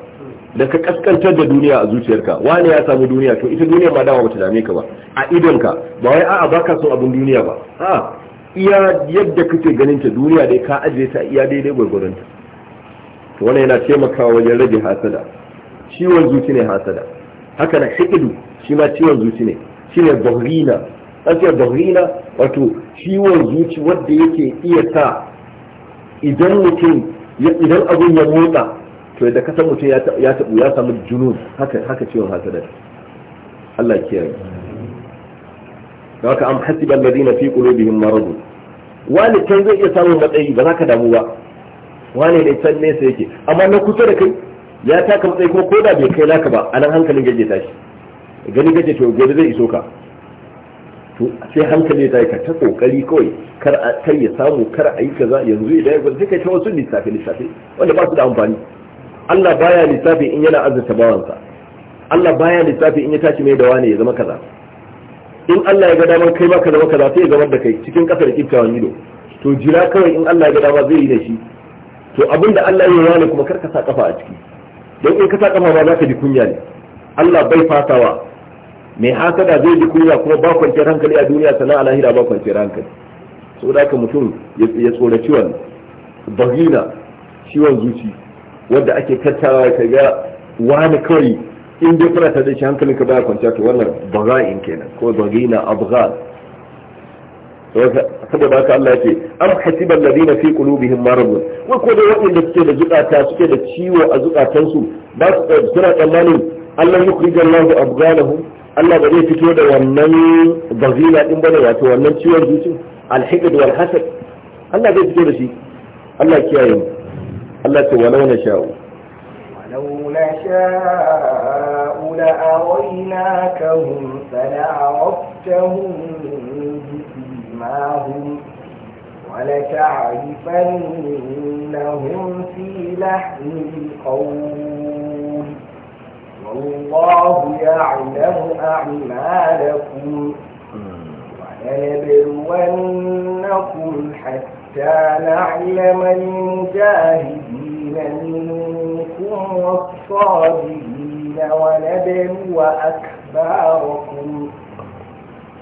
da ka kaskantar da duniya a zuciyarka wani ya samu duniya to ita duniya ma dama bata dame ka ba a idonka ba wai a'a baka son abin duniya ba a iya yadda kake ganin ta duniya dai ka ajiye ta iya daidai gwargwaron ta to wannan yana taimakawa wajen rage hasada ciwon zuci ne hasada haka na hikidu shi ma ciwon zuci ne shine bahrina tsakiyar daurina wato ciwon zuci wadda yake iya sa idan mutum idan abin ya motsa to da kasan mutum ya tabu ya samu junun haka haka ciwon hasadar Allah kiyaye da haka am hasiba alladhina fi qulubihim marad wani can zai iya samun matsayi ba za ka damu ba wani da can nesa yake amma na kusa da kai ya taka matsayi ko koda bai kai naka ba A nan hankalin gaje tashi gani gaje to gobe zai iso ka to sai hankali ta ka ta kokari kawai kar a kai ya samu kar a yi kaza yanzu idan ya sai kai ta wasu lissafi lissafi wanda ba su da amfani Allah baya lissafi in yana azurta bawansa Allah baya lissafi in ya tashi mai da wani ya zama kaza in Allah ya ga damar kai maka zama kaza sai ya gabar da kai cikin kasar kiftawan ido to jira kawai in Allah ya ga dama zai yi da shi to abinda Allah ya yi wani kuma kar ka sa kafa a ciki don in ka sa kafa ma za ka ji kunya ne Allah bai fasawa mai hasada zai ji kunya kuma ba kwanciyar hankali a duniya sannan a lahira ba kwanciyar hankali saboda haka mutum ya tsoraci wannan bagina ciwon zuci wanda ake tattara ka ga wani kawai in dai kuna tare shi hankalin ka baya kwanciya to wannan baga'in kenan ko bagina abghal saboda haka Allah yake am hasiba alladhina fi qulubihim marad wa ko da wanda suke da zukata suke da ciwo a zukatansu ba su suna tsammanin Allah yukhrijallahu abghalahum Allah ba zai fito da wannan bazina din bane wato wannan ciwon zuci alhiqd wal hasad Allah zai fito da shi Allah kiyaye mu Allah ta walau na sha'u walau na sha'u la araynakahum fala aqtahum bisimahum ولتعرفنهم في لحن القول والله يعلم أعمالكم ولنبلونكم حتى نعلم المجاهدين منكم والصابرين ونبلو أكباركم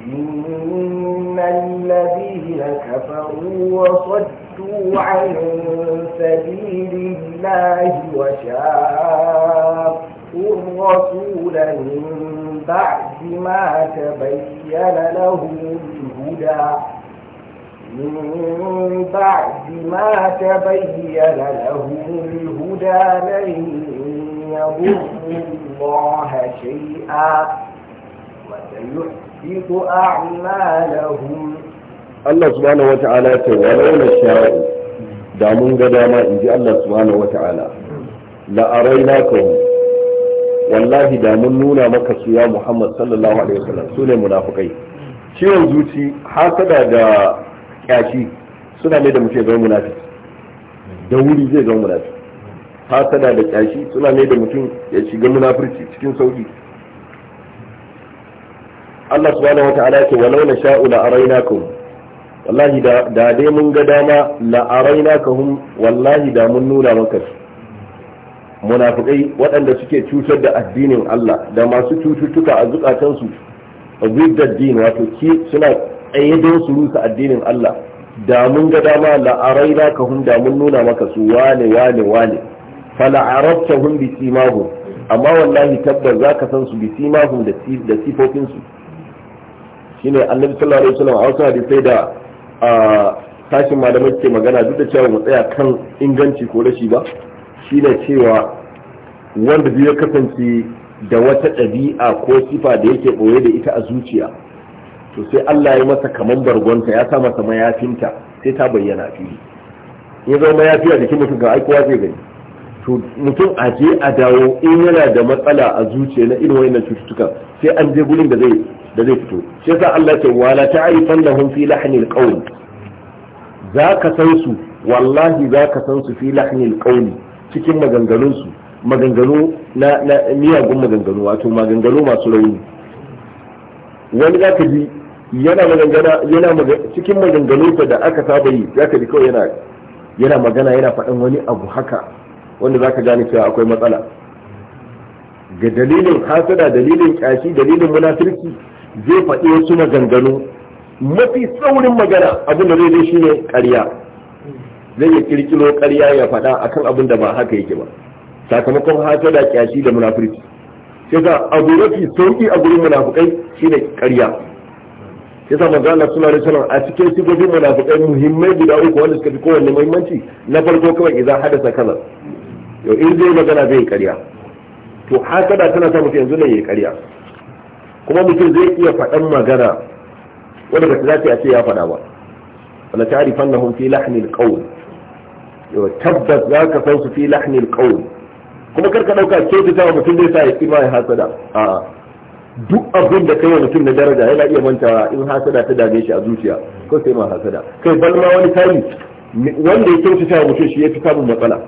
إن الذين كفروا وصدوا عن سبيل الله وشاءوا جئتم رسولا من بعد ما تبين له الهدى من بعد ما تبين له الهدى لن يضروا الله شيئا وسيحبط أعمالهم الله سبحانه وتعالى تولون الشاعر دامون قدامى إن جاء الله سبحانه وتعالى لأريناكم wallahi da mun nuna maka su ya Muhammad sallallahu alaihi wasallam su ne munafikai ciwon zuci hasada da kyashi suna ne da mutum zama munafiki da wuri zai zama munafiki hasada da kyashi suna ne da mutum ya shiga munafirci cikin sauki Allah subhanahu wa ta'ala ce walau na sha'u la arainakum wallahi da da dai mun ga dama la arainakahum wallahi da mun nuna maka su munafikai waɗanda suke cutar da addinin Allah da masu cututtuka a zukatansu din, wato ki suna tsaye don su rusa addinin Allah da mun ga dama la'arai na ka hun da mun nuna maka su wane wane wane arabta hun bi simahu amma wallahi tabbas zaka san su bi simahu da sifofinsu shine annabi sallallahu alaihi wasallam a wasu sai da a tashin malamai ke magana duk da cewa mu tsaya kan inganci ko rashi ba shine cewa wanda biyu ya kasance da wata ɗabi'a ko sifa da yake ɓoye da ita a zuciya to sai Allah ya masa kaman bargonta ya sa masa mayafinta sai ta bayyana a fili in zama mayafi a jikin mutum ga aikowa zai gani to mutum a je a dawo in yana da matsala a zuciya na irin wayannan cututtuka sai an je gurin da zai da zai fito shi yasa Allah ce wala ta'rifan lahum fi lahnil qawl za ka san su wallahi za ka san su fi lahnil qawli cikin maganganunsu maganganu na miyagun maganganu wato maganganu masu rauni wani za ka ji yana magangana yana cikin maganganunsa da aka saba yi za ka ji kawai yana yana magana yana faɗin wani abu haka wanda za ka gane cewa akwai matsala ga dalilin hasada dalilin ƙyashi dalilin munafirki zai faɗi wasu maganganu mafi saurin magana abin da zai zai ne ƙarya zai ya kirkiro ƙarya ya faɗa akan abin da ba haka yake ba sakamakon haka da kyashi da munafurci sai ka abu mafi sauki a gurin munafukai shine ƙarya sai sa manzo Allah sallallahu alaihi wasallam a cikin sifofin munafukai muhimmai guda uku wanda suka fi kowanne muhimmanci na farko kawai idan hadasa kaza yau in zai magana zai ƙarya to haka da tana sa mutum yanzu ne ya ƙarya kuma mutum zai iya faɗan magana wanda ba za a ce ya faɗa ba wala ta'rifannahum fi lahnil qawl tabbas za ka san su fi lahnil qawl kuma karka dauka kyautata wa mutum zai sa ya kima ya hasada a duk abin da kai wa mutum na daraja yana iya mantawa in hasada ta dame shi a zuciya ko sai ma hasada kai bal ma wani tari. wanda ya kyautata wa mutum shi ya fi samun matsala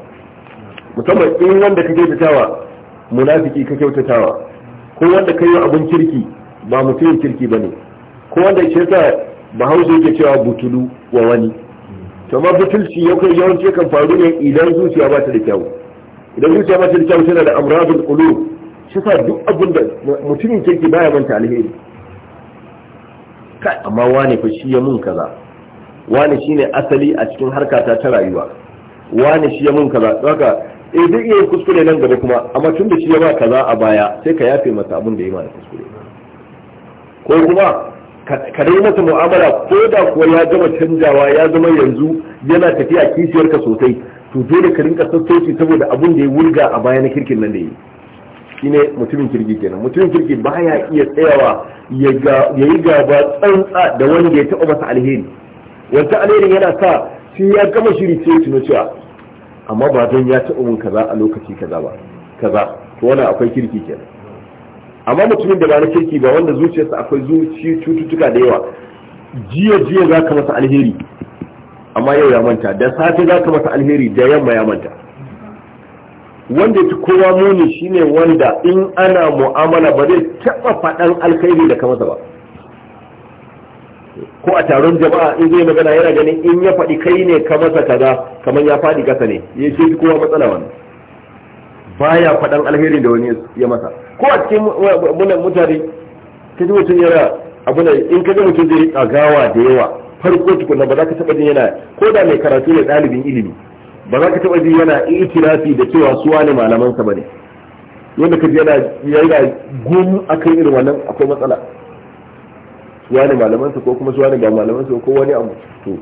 musamman in wanda ka kyautatawa munafiki ka kyautatawa ko wanda kai wa abin kirki ba mutumin kirki bane ko wanda ya ce sa bahaushe ke cewa butulu wa wani to ma butulci ya kai yawanci kan faru ne idan zuciya ba ta da kyau idan zuciya ba ta da kyau tana da amradul qulub shi sa duk abin da mutumin kirki baya manta alheri kai amma wane fa shi ya mun kaza wane shine asali a cikin harkata ta rayuwa wane shi ya mun kaza haka eh duk iya kuskure nan gaba kuma amma tun da shi ya ba kaza a baya sai ka yafe masa abin da ya da kuskure ko kuma ka dai masa mu'amala ko da kuwa ya gama canjawa ya zama yanzu yana tafiya kishiyarka sosai to dole ka rinka sassauci saboda abin da ya wurga a baya na kirkin nan da yi ne mutumin kirki kenan mutumin kirki ba ya iya tsayawa ya yi gaba tsantsa da wanda ya taɓa masa alheri wata alherin yana sa shi ya gama shiri ce tuno cewa amma ba don ya taɓa mun kaza a lokaci kaza ba kaza to wannan akwai kirki kenan amma mutumin da ba na kirki ba wanda zuciyarsa akwai zuci cututtuka da yawa jiya jiya za ka masa alheri amma yau ya manta da safe za ka masa alheri da yamma ya manta wanda ya fi kowa muni shine wanda in ana mu'amala ba zai taɓa faɗan alkhairi da ka masa ba ko a taron jama'a in zai magana yana ganin in ya faɗi kai ne ka masa kaza kamar ya faɗi kasa ne ya ce kowa matsala wannan baya faɗan alheri da wani ya masa ko a cikin eh, munan mutane ka ji mutum yana abu da in ka ji mutum zai tsagawa da yawa farko tukuna ba za ka taɓa jin yana ko da mai karatu ne ɗalibin ilimi ba za ka taɓa jin yana itirafi da cewa su wani malamansa ba ne yadda ka ji yana yana gum akan irin wannan akwai matsala su wani malamansa ko kuma su wani ba malamansa ko wani abu to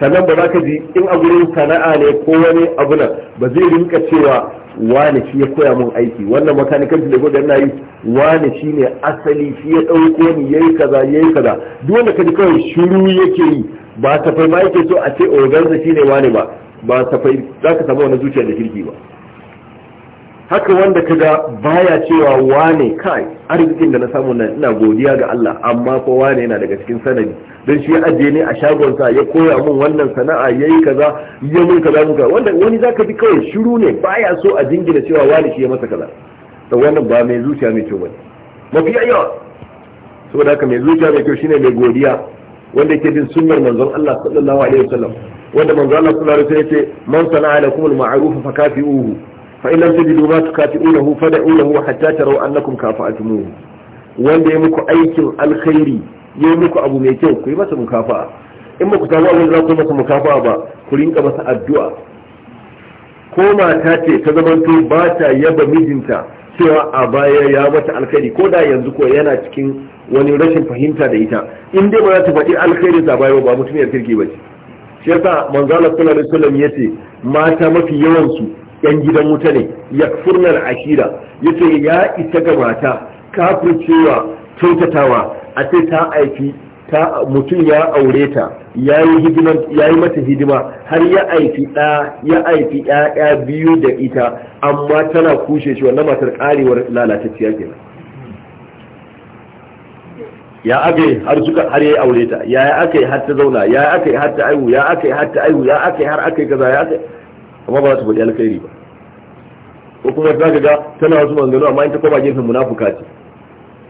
sannan ba za ka ji in a gurin sana'a ne ko wani abu nan ba zai rinka cewa wane shi ya koya mun aiki wannan makanikan da lagos na yi wane shi ne asali shi ya ɗauko ni yayi kaza yayi kaza duk wanda ka ji kawai shiru yake yi ba tafai ma yake so a ce organza oh, shi ne wane ba ba tafai za ka samu wani zuciya da kirki ba haka wanda ka ga baya cewa wane kai arzikin da na samu nan ina godiya ga Allah amma ko wane yana daga cikin sanadi don shi ya ajiye ne a shagonsa ya koya mun wannan sana'a yayi kaza ya mun kaza mun kaza wanda wani zaka bi kawai shiru ne baya so a jingina cewa wane shi ya masa kaza to wannan ba mai zuciya mai kyau bane mafi ayyo saboda haka mai zuciya mai kyau shine mai godiya wanda yake bin sunnar manzon Allah sallallahu alaihi wasallam wanda manzon Allah sallallahu alaihi wasallam yace man sana'a lakum al-ma'ruf fa kafi'uhu fa in lam tajidu ma tukati'unahu fad'unahu hatta taraw annakum kafa'atumuhu wanda ya muku aikin alkhairi ya muku abu mai kyau ku yi masa mukafa'a in ba ku samu abin za ku masa mukafa'a ba ku rinka masa addu'a ko mata ce ta zamanto ba ta yaba mijinta cewa a baya ya mata alkhairi ko da yanzu ko yana cikin wani rashin fahimta da ita in dai ba za ta faɗi alkhairi ta baya ba mutum ya kirki ba ce shi yasa manzo Allah sallallahu alaihi wasallam yace mata mafi yawan su yan gidan wuta ne ya ashira yace ya isa ga mata kafircewa kyautatawa a sai ta aiki ta mutum ya aure ta ya yi mata hidima har ya aiki ɗa ya aiki ɗaya biyu da ita amma tana kushe shi wannan matar karewar lalatacciya kenan ya aka yi har suka har ya aure ta ya aka yi har ta zauna ya aka yi har ta aihu ya aka yi har ta aihu ya aka yi har aka yi kaza ya aka yi amma ba za ta faɗi alkhairi ba ko kuma za ka ga tana wasu maganganu amma in ta koma gefen munafuka ce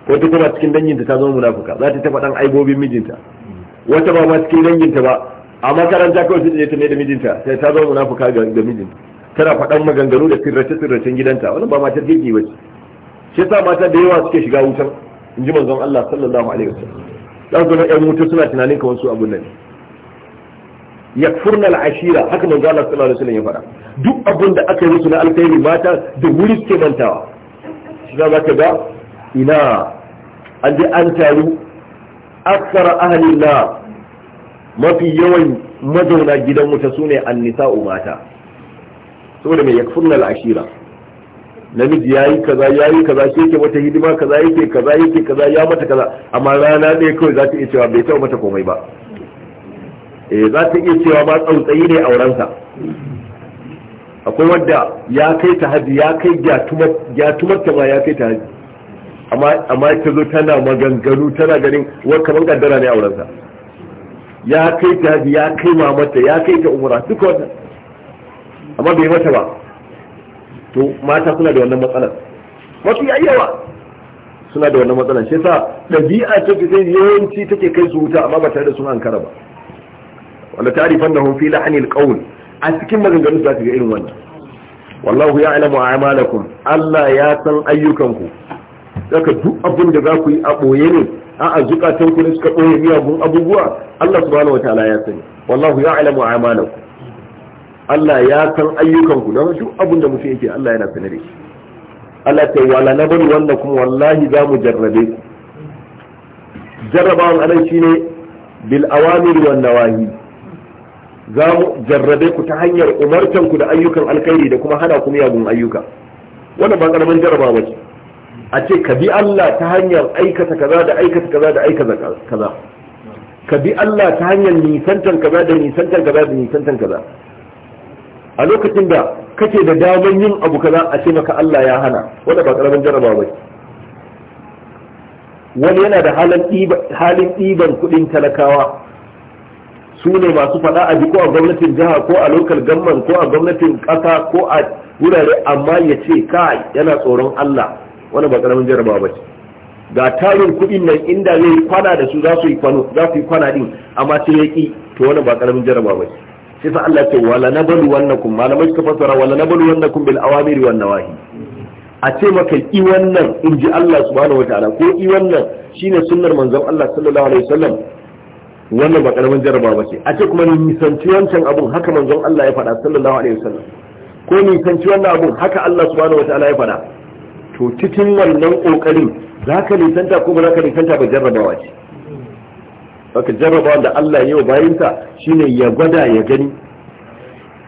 ko ta koma cikin danginta ta zama munafuka za ta taɓa ɗan aibobin mijinta wata ba ma cikin danginta ba a makaranta kawai sai ta ne da mijinta sai ta zama munafuka ga mijinta tana faɗan maganganu da sirrace sirracen gidanta wannan ba matar kirki ba ce shi sa mata da yawa suke shiga wutan in ji manzon Allah sallallahu alaihi wasallam za su zama ƴan wuta suna tunanin kamar su abun nan yakfurna al-ashira haka manzo Allah sallallahu alaihi wasallam ya faɗa duk abin da aka yi musu na alkhairi mata da wuri suke mantawa shi za ka ga ina an je an taru aksara ahli na mafi yawan mazauna gidan ta sune annisa'u mata saboda mai yakfurna al-ashira namiji ya yi kaza ya yi kaza shi yake mata hidima kaza yake kaza yake kaza ya mata kaza amma rana ɗaya kawai za ta iya cewa bai taɓa mata komai ba eh za ta iya cewa ba tsautsayi ne aurensa akwai wadda ya kai ta haji ya kai gyatumar ta ma ya kai ta haji amma ta zo tana maganganu tana ganin wani kamar kaddara ne aurensa ya kai ta haji ya kai mamata ya kai ta umura duk wannan amma bai mata ba to mata suna da wannan matsalar mafi yayyawa suna da wannan matsalar shi yasa ɗabi'a ta fi sai yawanci take kai su wuta amma ba tare da sun ankara ba da ta'rifannahu fi lahnil qawl a cikin maganganun za ka ga irin wannan wallahu ya ya'lamu a'malakum Allah ya san ayyukanku saka duk abin da za ku yi a boye ne a azukatan ku ne suka ɓoye miyagun abubuwa Allah subhanahu wataala ya sani wallahu ya ya'lamu a'malakum Allah ya san ayyukanku don duk abin da mutum yake Allah yana sanar da shi Allah ta wala na bari wanda kuma wallahi za mu jarrabe ku jarrabawan anan shine bil awamir wan nawahi za mu jarrabe ku ta hanyar umartan ku da ayyukan alkhairi da kuma hana ku miyagun ayyuka wannan ba karamin jarrabawa ce a ce ka bi Allah ta hanyar aikata kaza da aikata kaza da aikata kaza ka bi Allah ta hanyar nisantan kaza da nisantan kaza da nisantan kaza a lokacin da kake da daman yin abu kaza a ce maka Allah ya hana wanda ba karamin jarraba ba wani yana da halin ɗiban kuɗin talakawa su ne masu faɗa a ko a gwamnatin jiha ko a lokal gamman ko a gwamnatin ƙasa ko a wurare amma ya ce kai yana tsoron Allah wani ba ƙaramin jarabawa ba ce ga tarin kuɗin nan inda zai kwana da su za su yi kwana din amma sai ya ƙi to wani ba ƙaramin jarabawa ba ce sai sa Allah ce wala nabalu wannakum malamai suka fassara wala nabalu wannakum bil awamiri wan nawahi a ce maka i wannan inji Allah subhanahu wataala ko i wannan shine sunnar manzon Allah sallallahu alaihi wasallam wannan ba karamin jaraba ba ce a ce kuma nisanci wancan abun haka manzon Allah ya faɗa sallallahu alaihi wasallam ko nisanci wannan abun haka Allah subhanahu wataala ya faɗa to cikin wannan kokarin zaka nisanta ko ba zaka nisanta ba jarrabawa ce haka jarrabawa da Allah ya yi wa bayinsa shine ya gwada ya gani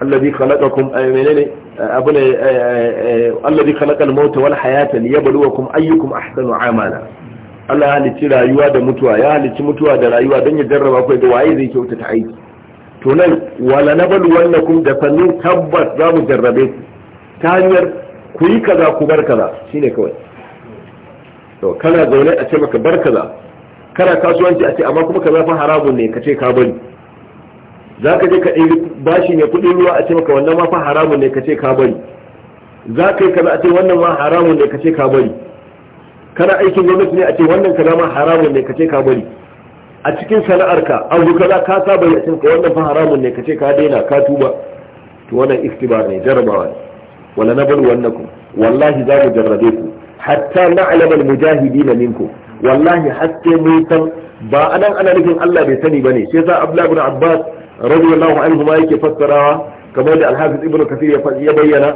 الذي خلقكم منين ابن hayata خلق الموت والحياه ليبلوكم ايكم احسن amala Allah ya halicci rayuwa da mutuwa ya halicci mutuwa da rayuwa don ya jarraba kai da waye zai kyautata aiki to nan wala nabalu wannakum da sanin tabbas za mu jarrabe ku ta hanyar ku yi kaza ku bar kaza shine kawai to kana zaune a ce maka bar kaza kana kasuwanci a ce amma kuma kaza fa haramun ne ka ce ka bari za ka je ka ɗin bashi ne kuɗin ruwa a ce maka wannan ma fa haramun ne ka ce ka bari za ka yi kaza a ce wannan ma haramun ne ka ce ka bari kana aikin gwamnati ne a ce wannan kaza ma haramun ne kace ka bari a cikin sana'arka abu kaza ka saba ya cinka wannan fa haramun ne kace ka daina ka tuba to wannan iftibar ne jarabawa ne wala nablu wannakum wallahi za mu jarrabe ku hatta na'lam al-mujahidin minkum wallahi hatta mun san ba anan ana nufin Allah bai sani bane sai za Abdullah ibn Abbas radiyallahu anhu ma yake fassarawa kamar da Al-Hafiz Ibn Kathir ya bayyana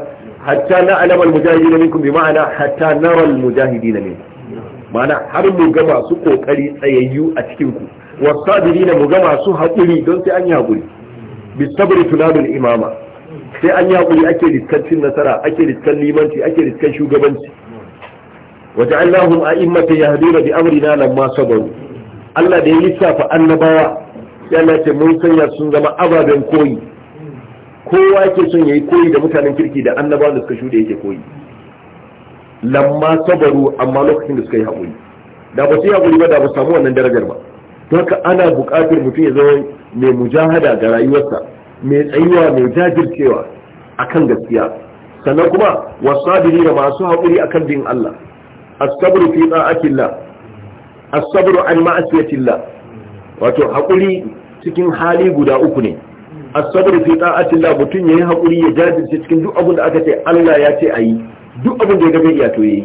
hatta na alamar mujahidin minkum bi ma'ana hatta nara mujahidin minkum ma'ana har mu ga masu ƙoƙari tsayayyu a cikin ku wasabirina mu ga masu haƙuri don sai anyi yi haƙuri bi sabri tunadul imama sai anyi yi haƙuri ake riskancin nasara ake riskan limanci ake riskan shugabanci waja'alnahum a'immatan yahduna bi amrina lamma sabaru Allah da ya lissafa annabawa sai Allah ya ce mun sanya sun zama ababen koyi kowa yake son yayi koyi da mutanen kirki da annaba da suka shuɗe yake koyi lamma sabaru amma lokacin da suka yi hakuri. da ba su yi haƙuri ba da ba samu wannan darajar ba don ka ana buƙatar mutum ya zama mai mujahada ga rayuwarsa mai tsayuwa mai jajircewa akan gaskiya sannan kuma wasabiri da masu haƙuri akan bin Allah as-sabru fi ta'atillah as-sabru an ma'asiyatillah wato hakuri cikin hali guda uku ne asabar fi fi ta'atillah mutun yayi hakuri ya jajirce cikin duk abin da aka ce Allah ya ce ayi duk abin da ya ga bai iya to yayi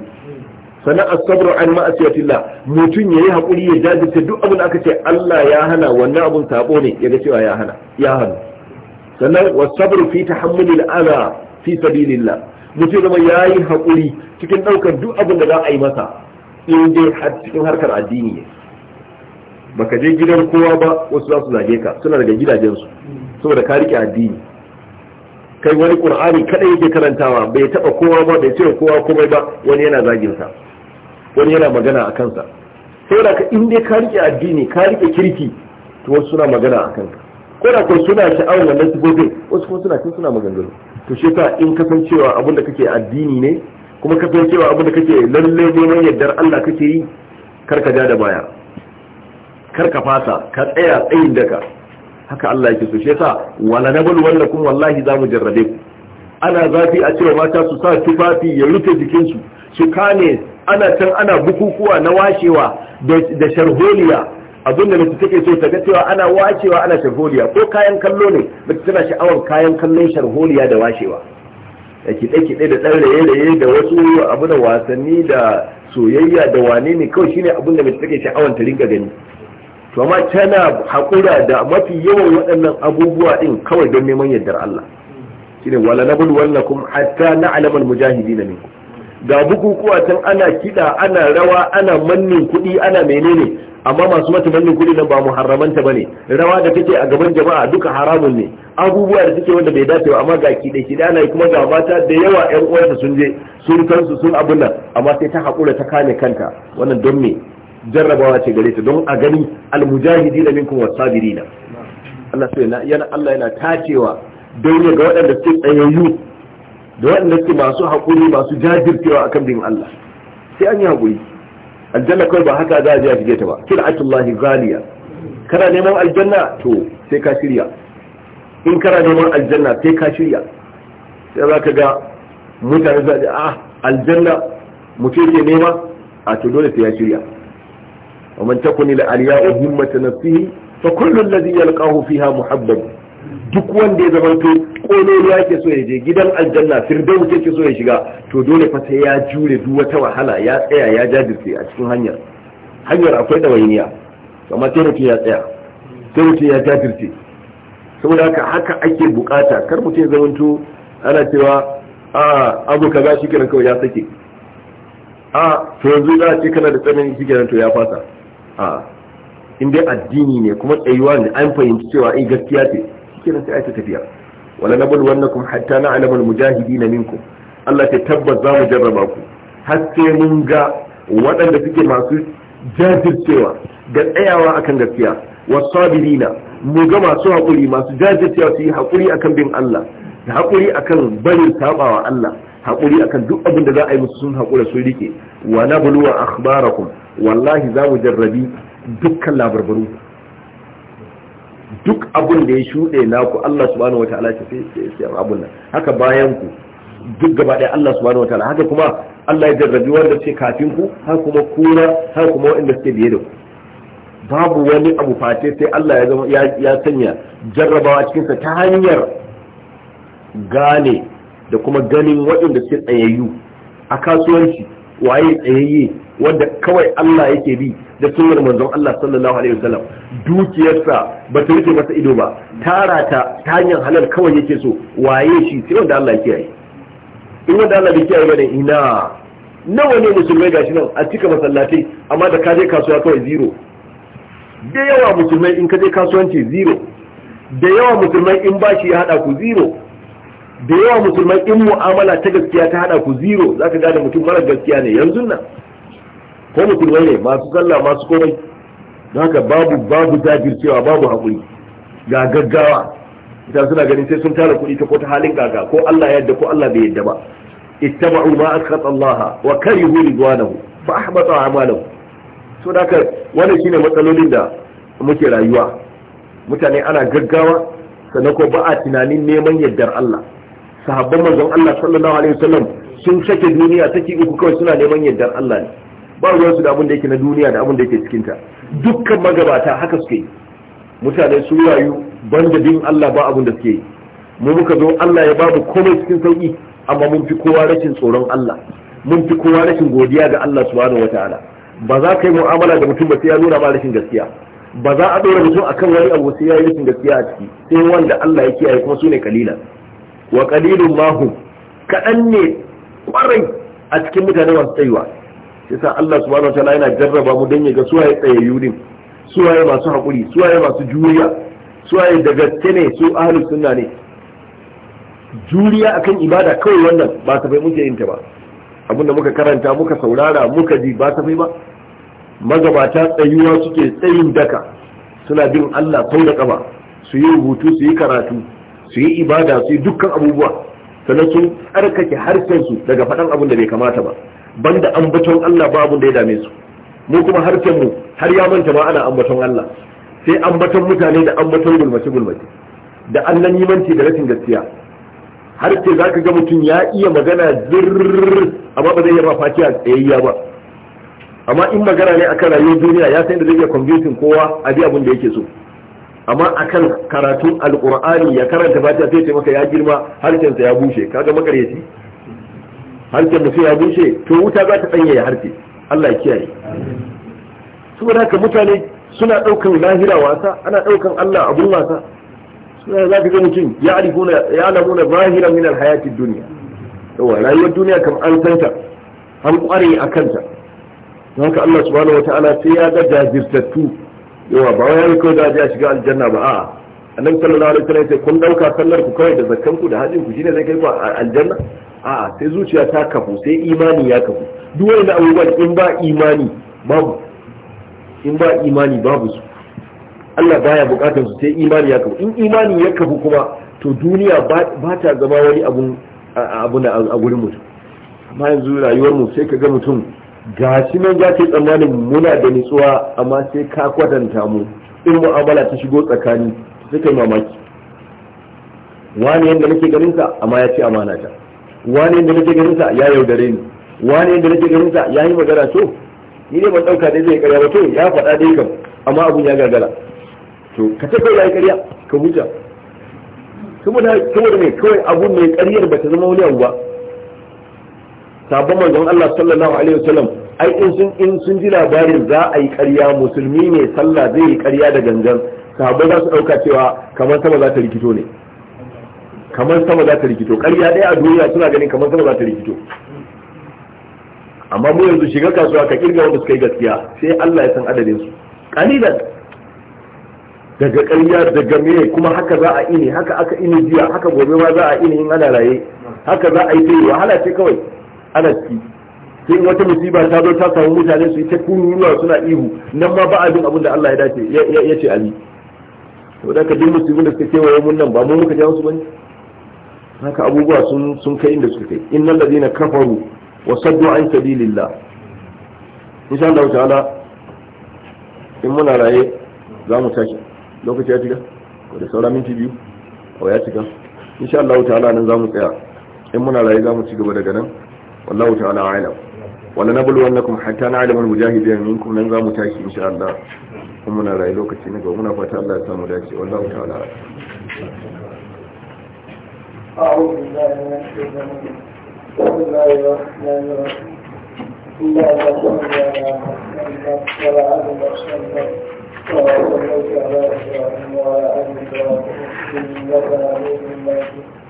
sannan asabar sabr an ma'asiyatillah mutun yayi hakuri ya jajirce duk abin da aka ce Allah ya hana wannan abun sabo ne ya ga cewa ya hana ya hana sannan wasabar fi tahammulil adha fi sabilillah mutum zama yayi hakuri cikin daukar duk abin da za a yi masa in dai cikin harkar addini ne baka je gidan kowa ba wasu za su zage ka suna daga gidajensu saboda ka rike addini kai wani qur'ani kada yake karantawa bai taba kowa ba bai ce kowa komai ba wani yana zagin sa wani yana magana a kansa saboda ka in dai ka rike addini ka rike kirki to wasu suna magana a kanka ko da ko suna sha'awar wannan sifofin wasu kuma suna suna maganganu to shi ta in kasancewa abin da kake addini ne kuma kasancewa abin da kake lalle neman yardar Allah kake yi kar ka ja da baya kar ka fasa ka tsaya tsayin daka haka Allah yake so shi yasa wala nabul wallakum wallahi za mu jarrabe ku ana zafi a cewa mata su sa tufafi ya rufe jikinsu su kane ana can ana bukukuwa na washewa da sharholiya abin da mace take so ta ga cewa ana wacewa ana sharholiya ko kayan kallo ne mace tana sha'awar kayan kallon sharholiya da washewa da kiɗe-kiɗe da ɗan raye-raye da wasu abu da wasanni da soyayya da wane ne kawai shine abin da mace take sha'awar ta ringa gani to amma tana haƙura da mafi yawan waɗannan abubuwa ɗin kawai don neman yardar Allah ne wala na na kuma hatta alamar mujahidi na ne ga bukukuwa tun ana kiɗa ana rawa ana mannin kuɗi ana menene amma masu mata mannin kuɗi nan ba muharramanta ne. rawa da take a gaban jama'a duka haramun ne abubuwa da take wanda bai dace ba amma ga kiɗe kiɗe ana kuma ga mata da yawa ƴan uwanta sun je sun kansu sun abun nan amma sai ta haƙura ta kame kanta wannan don me jarrabawa ce gare ta don a gani almujahidina minkum wasabirina Allah sai yana Allah yana tacewa don ya ga waɗanda suke tsayayyu da waɗanda suke masu haƙuri masu jajircewa akan bin Allah sai an yi haƙuri aljanna kawai ba haka za a je a fige ta ba kir'atullahi ghaliya kana neman aljanna to sai ka shirya in kana neman aljanna sai ka shirya sai za ka ga mutane za a ah, aljanna mutum ke nema a to dole sai ya shirya ومن تكن العلياء همة نفسه فكل الذي يلقاه فيها محبب duk wanda ya zamanto ya ke so ya je gidan aljanna firdaus yake so ya shiga to dole fa sai ya jure duk wata wahala ya tsaya ya jajirce a cikin hanyar hanyar akwai dawainiya amma sai mutum ya tsaya sai mutum ya jajirce saboda haka haka ake bukata kar mutum ya zamanto ana cewa a abu kaza shi kenan kawai ya sake a to yanzu za a ce kana da tsanani shi kenan to ya fasa a in dai addini ne kuma tsayuwa ne an fahimci cewa ai eh, gaskiya ce shikenan sai ai ta tafiya wala nabul wannakum hatta na'lamul mujahidin minkum Allah ta tabbas za mu jarraba ku har sai mun ga waɗanda suke masu jajircewa ga tsayawa akan gaskiya wasabirina mu ga masu haƙuri masu jajircewa su yi haƙuri akan bin Allah da haƙuri akan barin sabawa Allah haƙuri akan duk abin da za a yi musu sun haƙura sun rike wa nabluwa akhbarakum wallahi za mu jarrabi dukkan labarbaru duk abun da ya shuɗe naku Allah subhanahu wa ta'ala ce sai abun nan haka bayan ku duk gaba ɗaya Allah subhanahu wa ta'ala haka kuma Allah ya jarrabi wanda ce kafin ku har kuma kura, har kuma waɗanda suke biye da ku babu wani abu face sai Allah ya zama ya sanya jarrabawa cikin sa ta hanyar gane da kuma ganin waɗanda suke tsayayyu a kasuwanci waye tsayayye wanda kawai Allah yake bi da sunnar manzon Allah sallallahu alaihi wasallam dukiyarsa ba ta rike masa ido ba tara ta ta hanyar halal kawai yake so waye shi sai wanda Allah yake yi in wanda Allah yake yi bane ina nawa ne musulmai gashi nan a cika masallatai amma da ka je kasuwa kawai zero da yawa musulmai in ka je kasuwanci zero da yawa musulmai in bashi ya hada ku zero da yawa musulman in mu'amala ta gaskiya ta hada ku zero za ka gane mutum mara gaskiya ne yanzu nan ko musulmai ne masu sallah masu komai don haka babu babu jajircewa babu haƙuri ga gaggawa ita suna ganin sai sun tara kuɗi ta ko ta halin gaga ko Allah ya yadda ko Allah bai yadda ba ittaba'u ma akhata Allah wa karihu ridwanahu fa ahbata a'malahu so da haka wannan shine matsalolin da muke rayuwa mutane ana gaggawa sannan ko ba a tunanin neman yardar Allah sahabban manzon Allah sallallahu alaihi wasallam sun sake duniya take uku kawai suna neman yardar Allah ne ba ruwan su da abin da yake na duniya da abin da yake cikin ta dukkan magabata haka suke yi mutane su rayu banda bin Allah ba abin da suke yi mu muka zo Allah ya babu komai cikin sauki amma mun fi kowa rashin tsoron Allah mun fi kowa rashin godiya ga Allah subhanahu wataala ba za ka yi mu'amala da mutum ba sai ya nuna ba rashin gaskiya ba za a ɗora mutum akan wani abu sai ya yi rashin gaskiya a ciki sai wanda Allah ya kiyaye kuma su ne kalilan wa qalilun mahu kadan ne kwarai a cikin mutane masu tsayuwa shi sa Allah subhanahu ta'ala yana jarraba mu dan ya ga suwaye tsayayyu su suwaye masu hakuri suwaye masu juriya suwaye da gaske ne su ahli sunna ne juriya akan ibada kawai wannan ba ta bai muke yin ta ba Abin da muka karanta muka saurara muka ji ba ta bai ba magabata tsayuwa suke tsayin daka suna bin Allah sau da kaba su yi rubutu su yi karatu su yi ibada su yi dukkan abubuwa sannan sun tsarkake harshen daga faɗan abin da bai kamata ba banda ambaton Allah ba abin da ya dame su mu kuma harshen mu har ya manta ma ana ambaton Allah sai ambaton mutane da ambaton gulmace gulmace da annan yimanci da rashin gaskiya har ce zaka ga mutum ya iya magana zirr amma ba zai yaba fakiya tsayayya ba amma in magana ne akan rayuwar duniya ya san da zai iya convincing kowa a bi abin da yake so amma akan karatun alqur'ani ya karanta fatiha sai ce maka ya girma harshen ya bushe kaga makaryaci harshen mutum ya bushe to wuta za ta danye harshe Allah ya kiyaye saboda haka mutane suna daukan lahira wasa ana daukan Allah abun wasa suna za ka ga mutum ya alifuna ya alamuna zahira min alhayati dunya yawa rayuwar duniya kam an santa an kware a kanta don haka Allah subhanahu wataala sai ya ga jajirtattu yawa ba wai kawai da a shiga aljanna ba a'a annabi sallallahu alaihi wasallam sai kun dauka sallar ku kawai da zakkan ku da hajin ku shine zai kai ku aljanna a'a sai zuciya ta kafu sai imani ya kafu duk wani da abubuwan in ba imani babu in ba imani babu su Allah baya bukatar su sai imani ya kafu in imani ya kafu kuma to duniya ba ta zama wani abun abu a gurin mutum amma yanzu rayuwar mu sai ka ga mutum ga shi nan ya ce tsammanin muna da nutsuwa amma sai ka kwatanta mu in mu'amala ta shigo tsakani suka yi mamaki wani yadda nake ganin sa amma ya ce amana ta wani yadda nake ganin sa ya yaudare ni wani yadda nake ganin sa ya yi magana to ni ne ban dauka dai zai karya ba to ya faɗa dai kam amma abun ya gagara to ka ta kai ya karya ka huta saboda saboda ne kawai abun mai karyar ba ta zama wani abu ba sabon manzon Allah sallallahu alaihi wasallam ai in sun in sun ji labarin za a yi ƙarya musulmi ne sallah zai yi ƙarya da gangan sabon za su ɗauka cewa kamar sama za ta rikito ne kamar sama za ta rikito ƙarya ɗaya a duniya suna ganin kamar sama za ta rikito amma mu yanzu shiga kasuwa ka kirga wanda suka yi gaskiya sai Allah ya san adadin su kalilan daga ƙarya daga me kuma haka za a ini haka aka ini jiya haka gobe ma za a ini in ana raye haka za a yi wahala ce kawai alaski sai wata musiba ta zo ta samu mutane su yi ta kururuwa suna ihu nan ma ba abin abin da Allah ya dace ya ce ali to da ka dinga musibin da suka wayo mun nan ba mu muka jawo su bane haka abubuwa sun sun kai inda suka kai innal ladina kafaru wa saddu an sabilillah insha Allah ta'ala in muna raye za mu tashi lokaci ya cika ko da saura minti biyu ko ya cika insha Allah ta'ala nan za mu tsaya in muna raye za mu ci gaba daga nan wallahu ta'ala a'lam wala nabluwannakum hatta na'lamu al-mujahidin minkum nan za mu tashi insha Allah kuma muna rayu lokaci ne ga muna fata Allah ya samu dace wallahu ta'ala أعوذ بالله من الشيطان الرجيم بسم الله الرحمن الرحيم اللهم صل على محمد وعلى آل محمد كما صليت على إبراهيم وعلى آل إبراهيم إنك حميد مجيد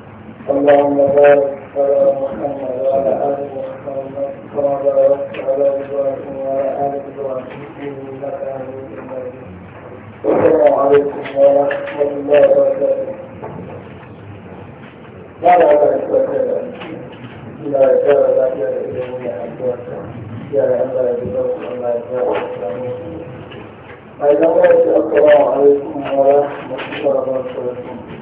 اللهم بارك على محمد وعلى آل محمد كما باركت على إبراهيم وعلى آل إبراهيم إنك حميد مجيد السلام عليكم ورحمة الله وبركاته وعلى آل وسلم إلى رجال الله يا إلهي يا الله يبارك الله يبارك السلام عليكم ورحمة الله وبركاته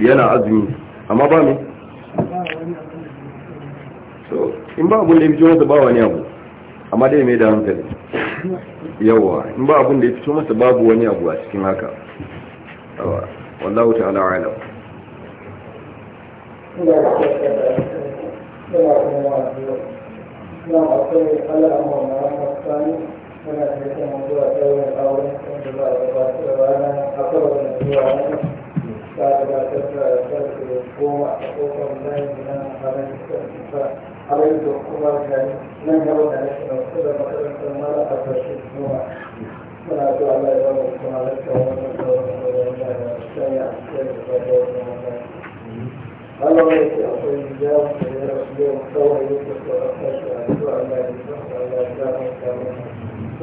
yana azumi amma ba ne so in ba abun da ya fito masa ba wani abu amma dai mai da hankali yawa in ba abun da ya fito masa babu wani abu a cikin haka wallahu ta'ala ala Thank you. gabatar da goma a kofar layin da kuma nan da da mara a ƙarshe goma muna zo Allah ya kuma a cikin da ya ce akwai yawon da ya yau da shi a zuwa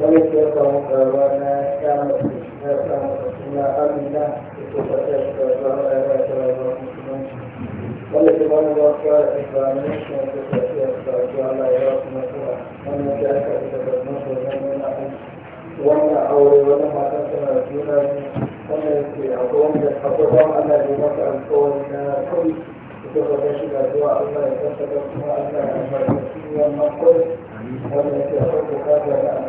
Allah Wani na kama wanda ke bani ba su yara ibrahim shi ta ka ita da mutu wannan yana an wannan aure wani ne ba da allah kuma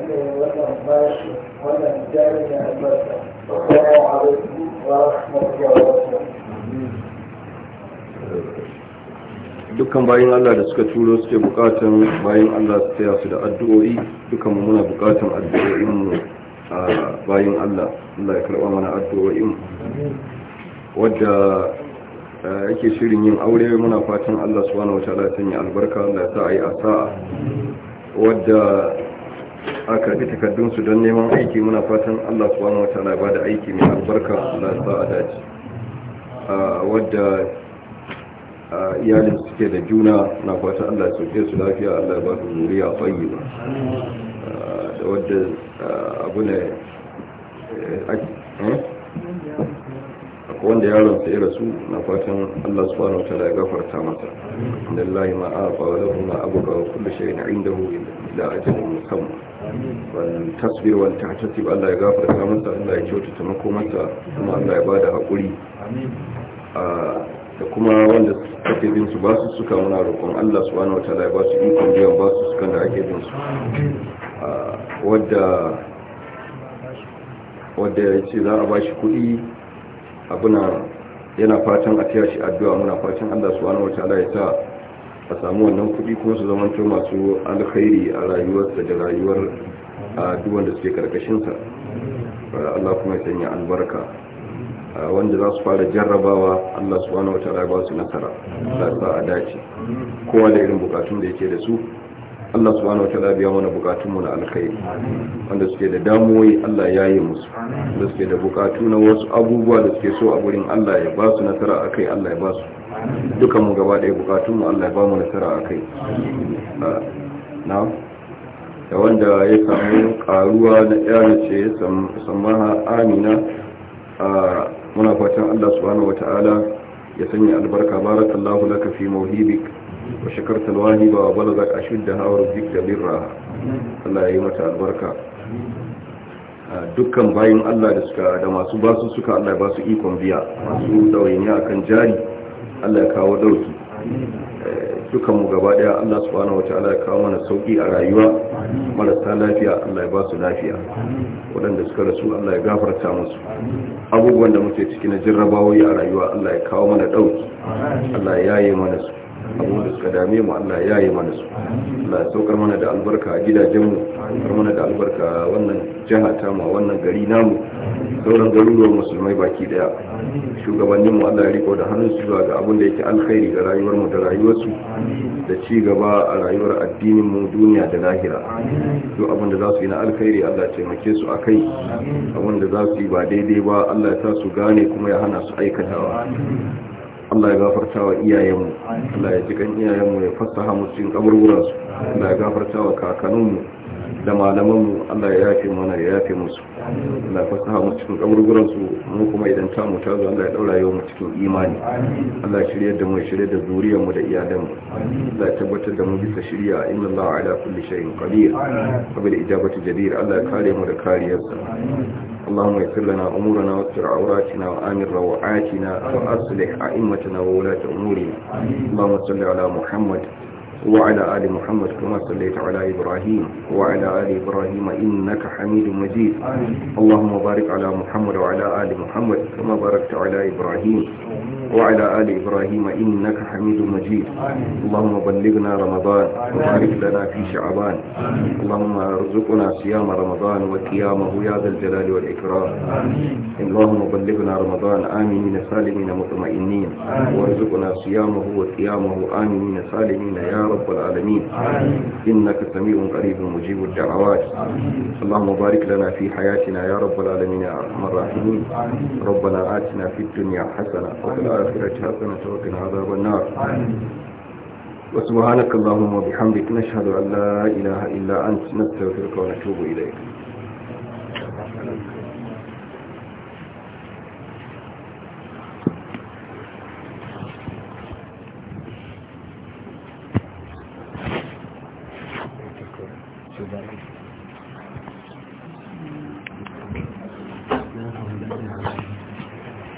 da bashi wannan jari albarka dukkan bayan Allah da suka turo suke bukatan bayan Allah su taya su da addu'o'i dukkan muna bukatan addu'o'in mu bayan Allah Allah ya karɓa mana addu'o'in wadda yake shirin yin aure muna fatan Allah subhanahu wataala ya yi albarka Allah ya sa a sa'a. wadda aka ji takardunsu don neman aiki muna fatan allah subhanahu wata ba da aiki mai albarka na sa a daji wadda iyalin suke da juna na fatan allah su ke su lafiya allah ba su zuriya tsayi ba da wadda abu ne eh, eh? akwai wanda yaron sa ya rasu na fatan Allah subhanahu wataala ya gafarta masa lillahi ma afa wa lahu ma abqa wa kullu shay'in 'indahu ila ajalin musamma wannan tasbir wal tahtasib Allah ya gafarta masa Allah ya kyautata makomarsa kuma Allah ya bada hakuri amin da kuma wanda ake bin su ba su suka muna roƙon Allah subhanahu wataala ya ba su ikon biyan ba su suka da ake bin su wadda wadda ya ce za a ba shi kuɗi abuna yana fatan a tiyashi shi addu'a muna fatan Allah subhanahu wataala ya sa a samu wannan kudi kuma su zamanto masu alkhairi a rayuwarsa da rayuwar duwan da suke karkashin sa Allah kuma ya sanya albarka wanda za su fara jarrabawa Allah subhanahu wataala ya ba su nasara Allah ya sa a dace kowa da irin bukatun da yake da su Allah subhanahu wa ta'ala biya mana bukatunmu na alkhairi wanda suke da damuwoyi Allah ya yi musu da suke da bukatu na wasu abubuwa da suke so a gurin Allah ya ba su nasara a kai, Allah ya ba su dukan mu gaba ɗaya bukatunmu Allah ya ba mu nasara kai na da wanda ya samu karuwa na ɗaya ce sammaha amina muna fatan Allah subhanahu wa ta'ala ya sanya albarka barakallahu laka fi mawhibik وشكرت الواهبة وبلغت أشدها ورزقت برها الله يمتع البركة dukkan bayin Allah da suka da masu basu suka Allah ba su ikon biya masu dawainiya akan jari Allah ya kawo dauki dukan mu gaba daya Allah subhanahu wataala ya kawo mana sauki a rayuwa marasa lafiya Allah ya ba su lafiya waɗanda suka rasu Allah ya gafarta musu abubuwan da muke ciki na jarrabawoyi a rayuwa Allah ya kawo mana dauki Allah ya yaye mana su abu da suka dame mu Allah ya yi mana su Allah ya saukar mana da albarka a gidajenmu saukar mana da albarka wannan jiha ta mu wannan gari namu sauran garuruwan musulmai baki daya shugabannin mu Allah ya riko da hannun su ga abin da yake alkhairi ga rayuwar mu da rayuwar su da ci gaba a rayuwar addinin mu duniya da lahira to abin da za su yi na alkhairi Allah ya taimake su akai abin da za su yi ba daidai ba Allah ya sa su gane kuma ya hana su aikatawa Allah ya gafarta wa iyayenmu Allah ya jikan iyayenmu ya fassaha mu cikin kaburburansu Allah ya gafarta wa kakanninmu da malamanmu Allah ya yafe mana ya yafe musu Allah ya fassaha mu cikin kaburburansu mu kuma idan ta mu ta zo Allah ya daura yau mu cikin imani Allah ya shirye da mu ya shirye da zuriyar mu da iyalan mu Allah ya tabbatar da mu bisa shirya inna Allah ala kulli shay'in qadir qabil ijabati jadir Allah ya kare mu da kariyarsa اللهم يسر لنا أمورنا واكفر عوراتنا وآمن روعاتنا وأصلح أئمتنا وولاة أمورنا اللهم صل على محمد وعلى آل محمد كما صليت على إبراهيم وعلى آل إبراهيم إنك حميد مجيد اللهم بارك على محمد وعلى آل محمد كما باركت على إبراهيم وعلى آل إبراهيم إنك حميد مجيد اللهم بلغنا رمضان وبارك لنا في شعبان اللهم ارزقنا صيام رمضان وقيامه يا ذا الجلال والإكرام اللهم بلغنا رمضان آمنين سالمين مطمئنين وارزقنا صيامه وقيامه آمنين سالمين يا رب العالمين آمين. إنك سميع قريب مجيب الدعوات اللهم بارك لنا في حياتنا يا رب العالمين يا أرحم الراحمين ربنا آتنا في الدنيا حسنة وفي الآخرة حسنة وقنا عذاب النار وسبحانك اللهم وبحمدك نشهد أن لا إله إلا أنت نستغفرك ونتوب إليك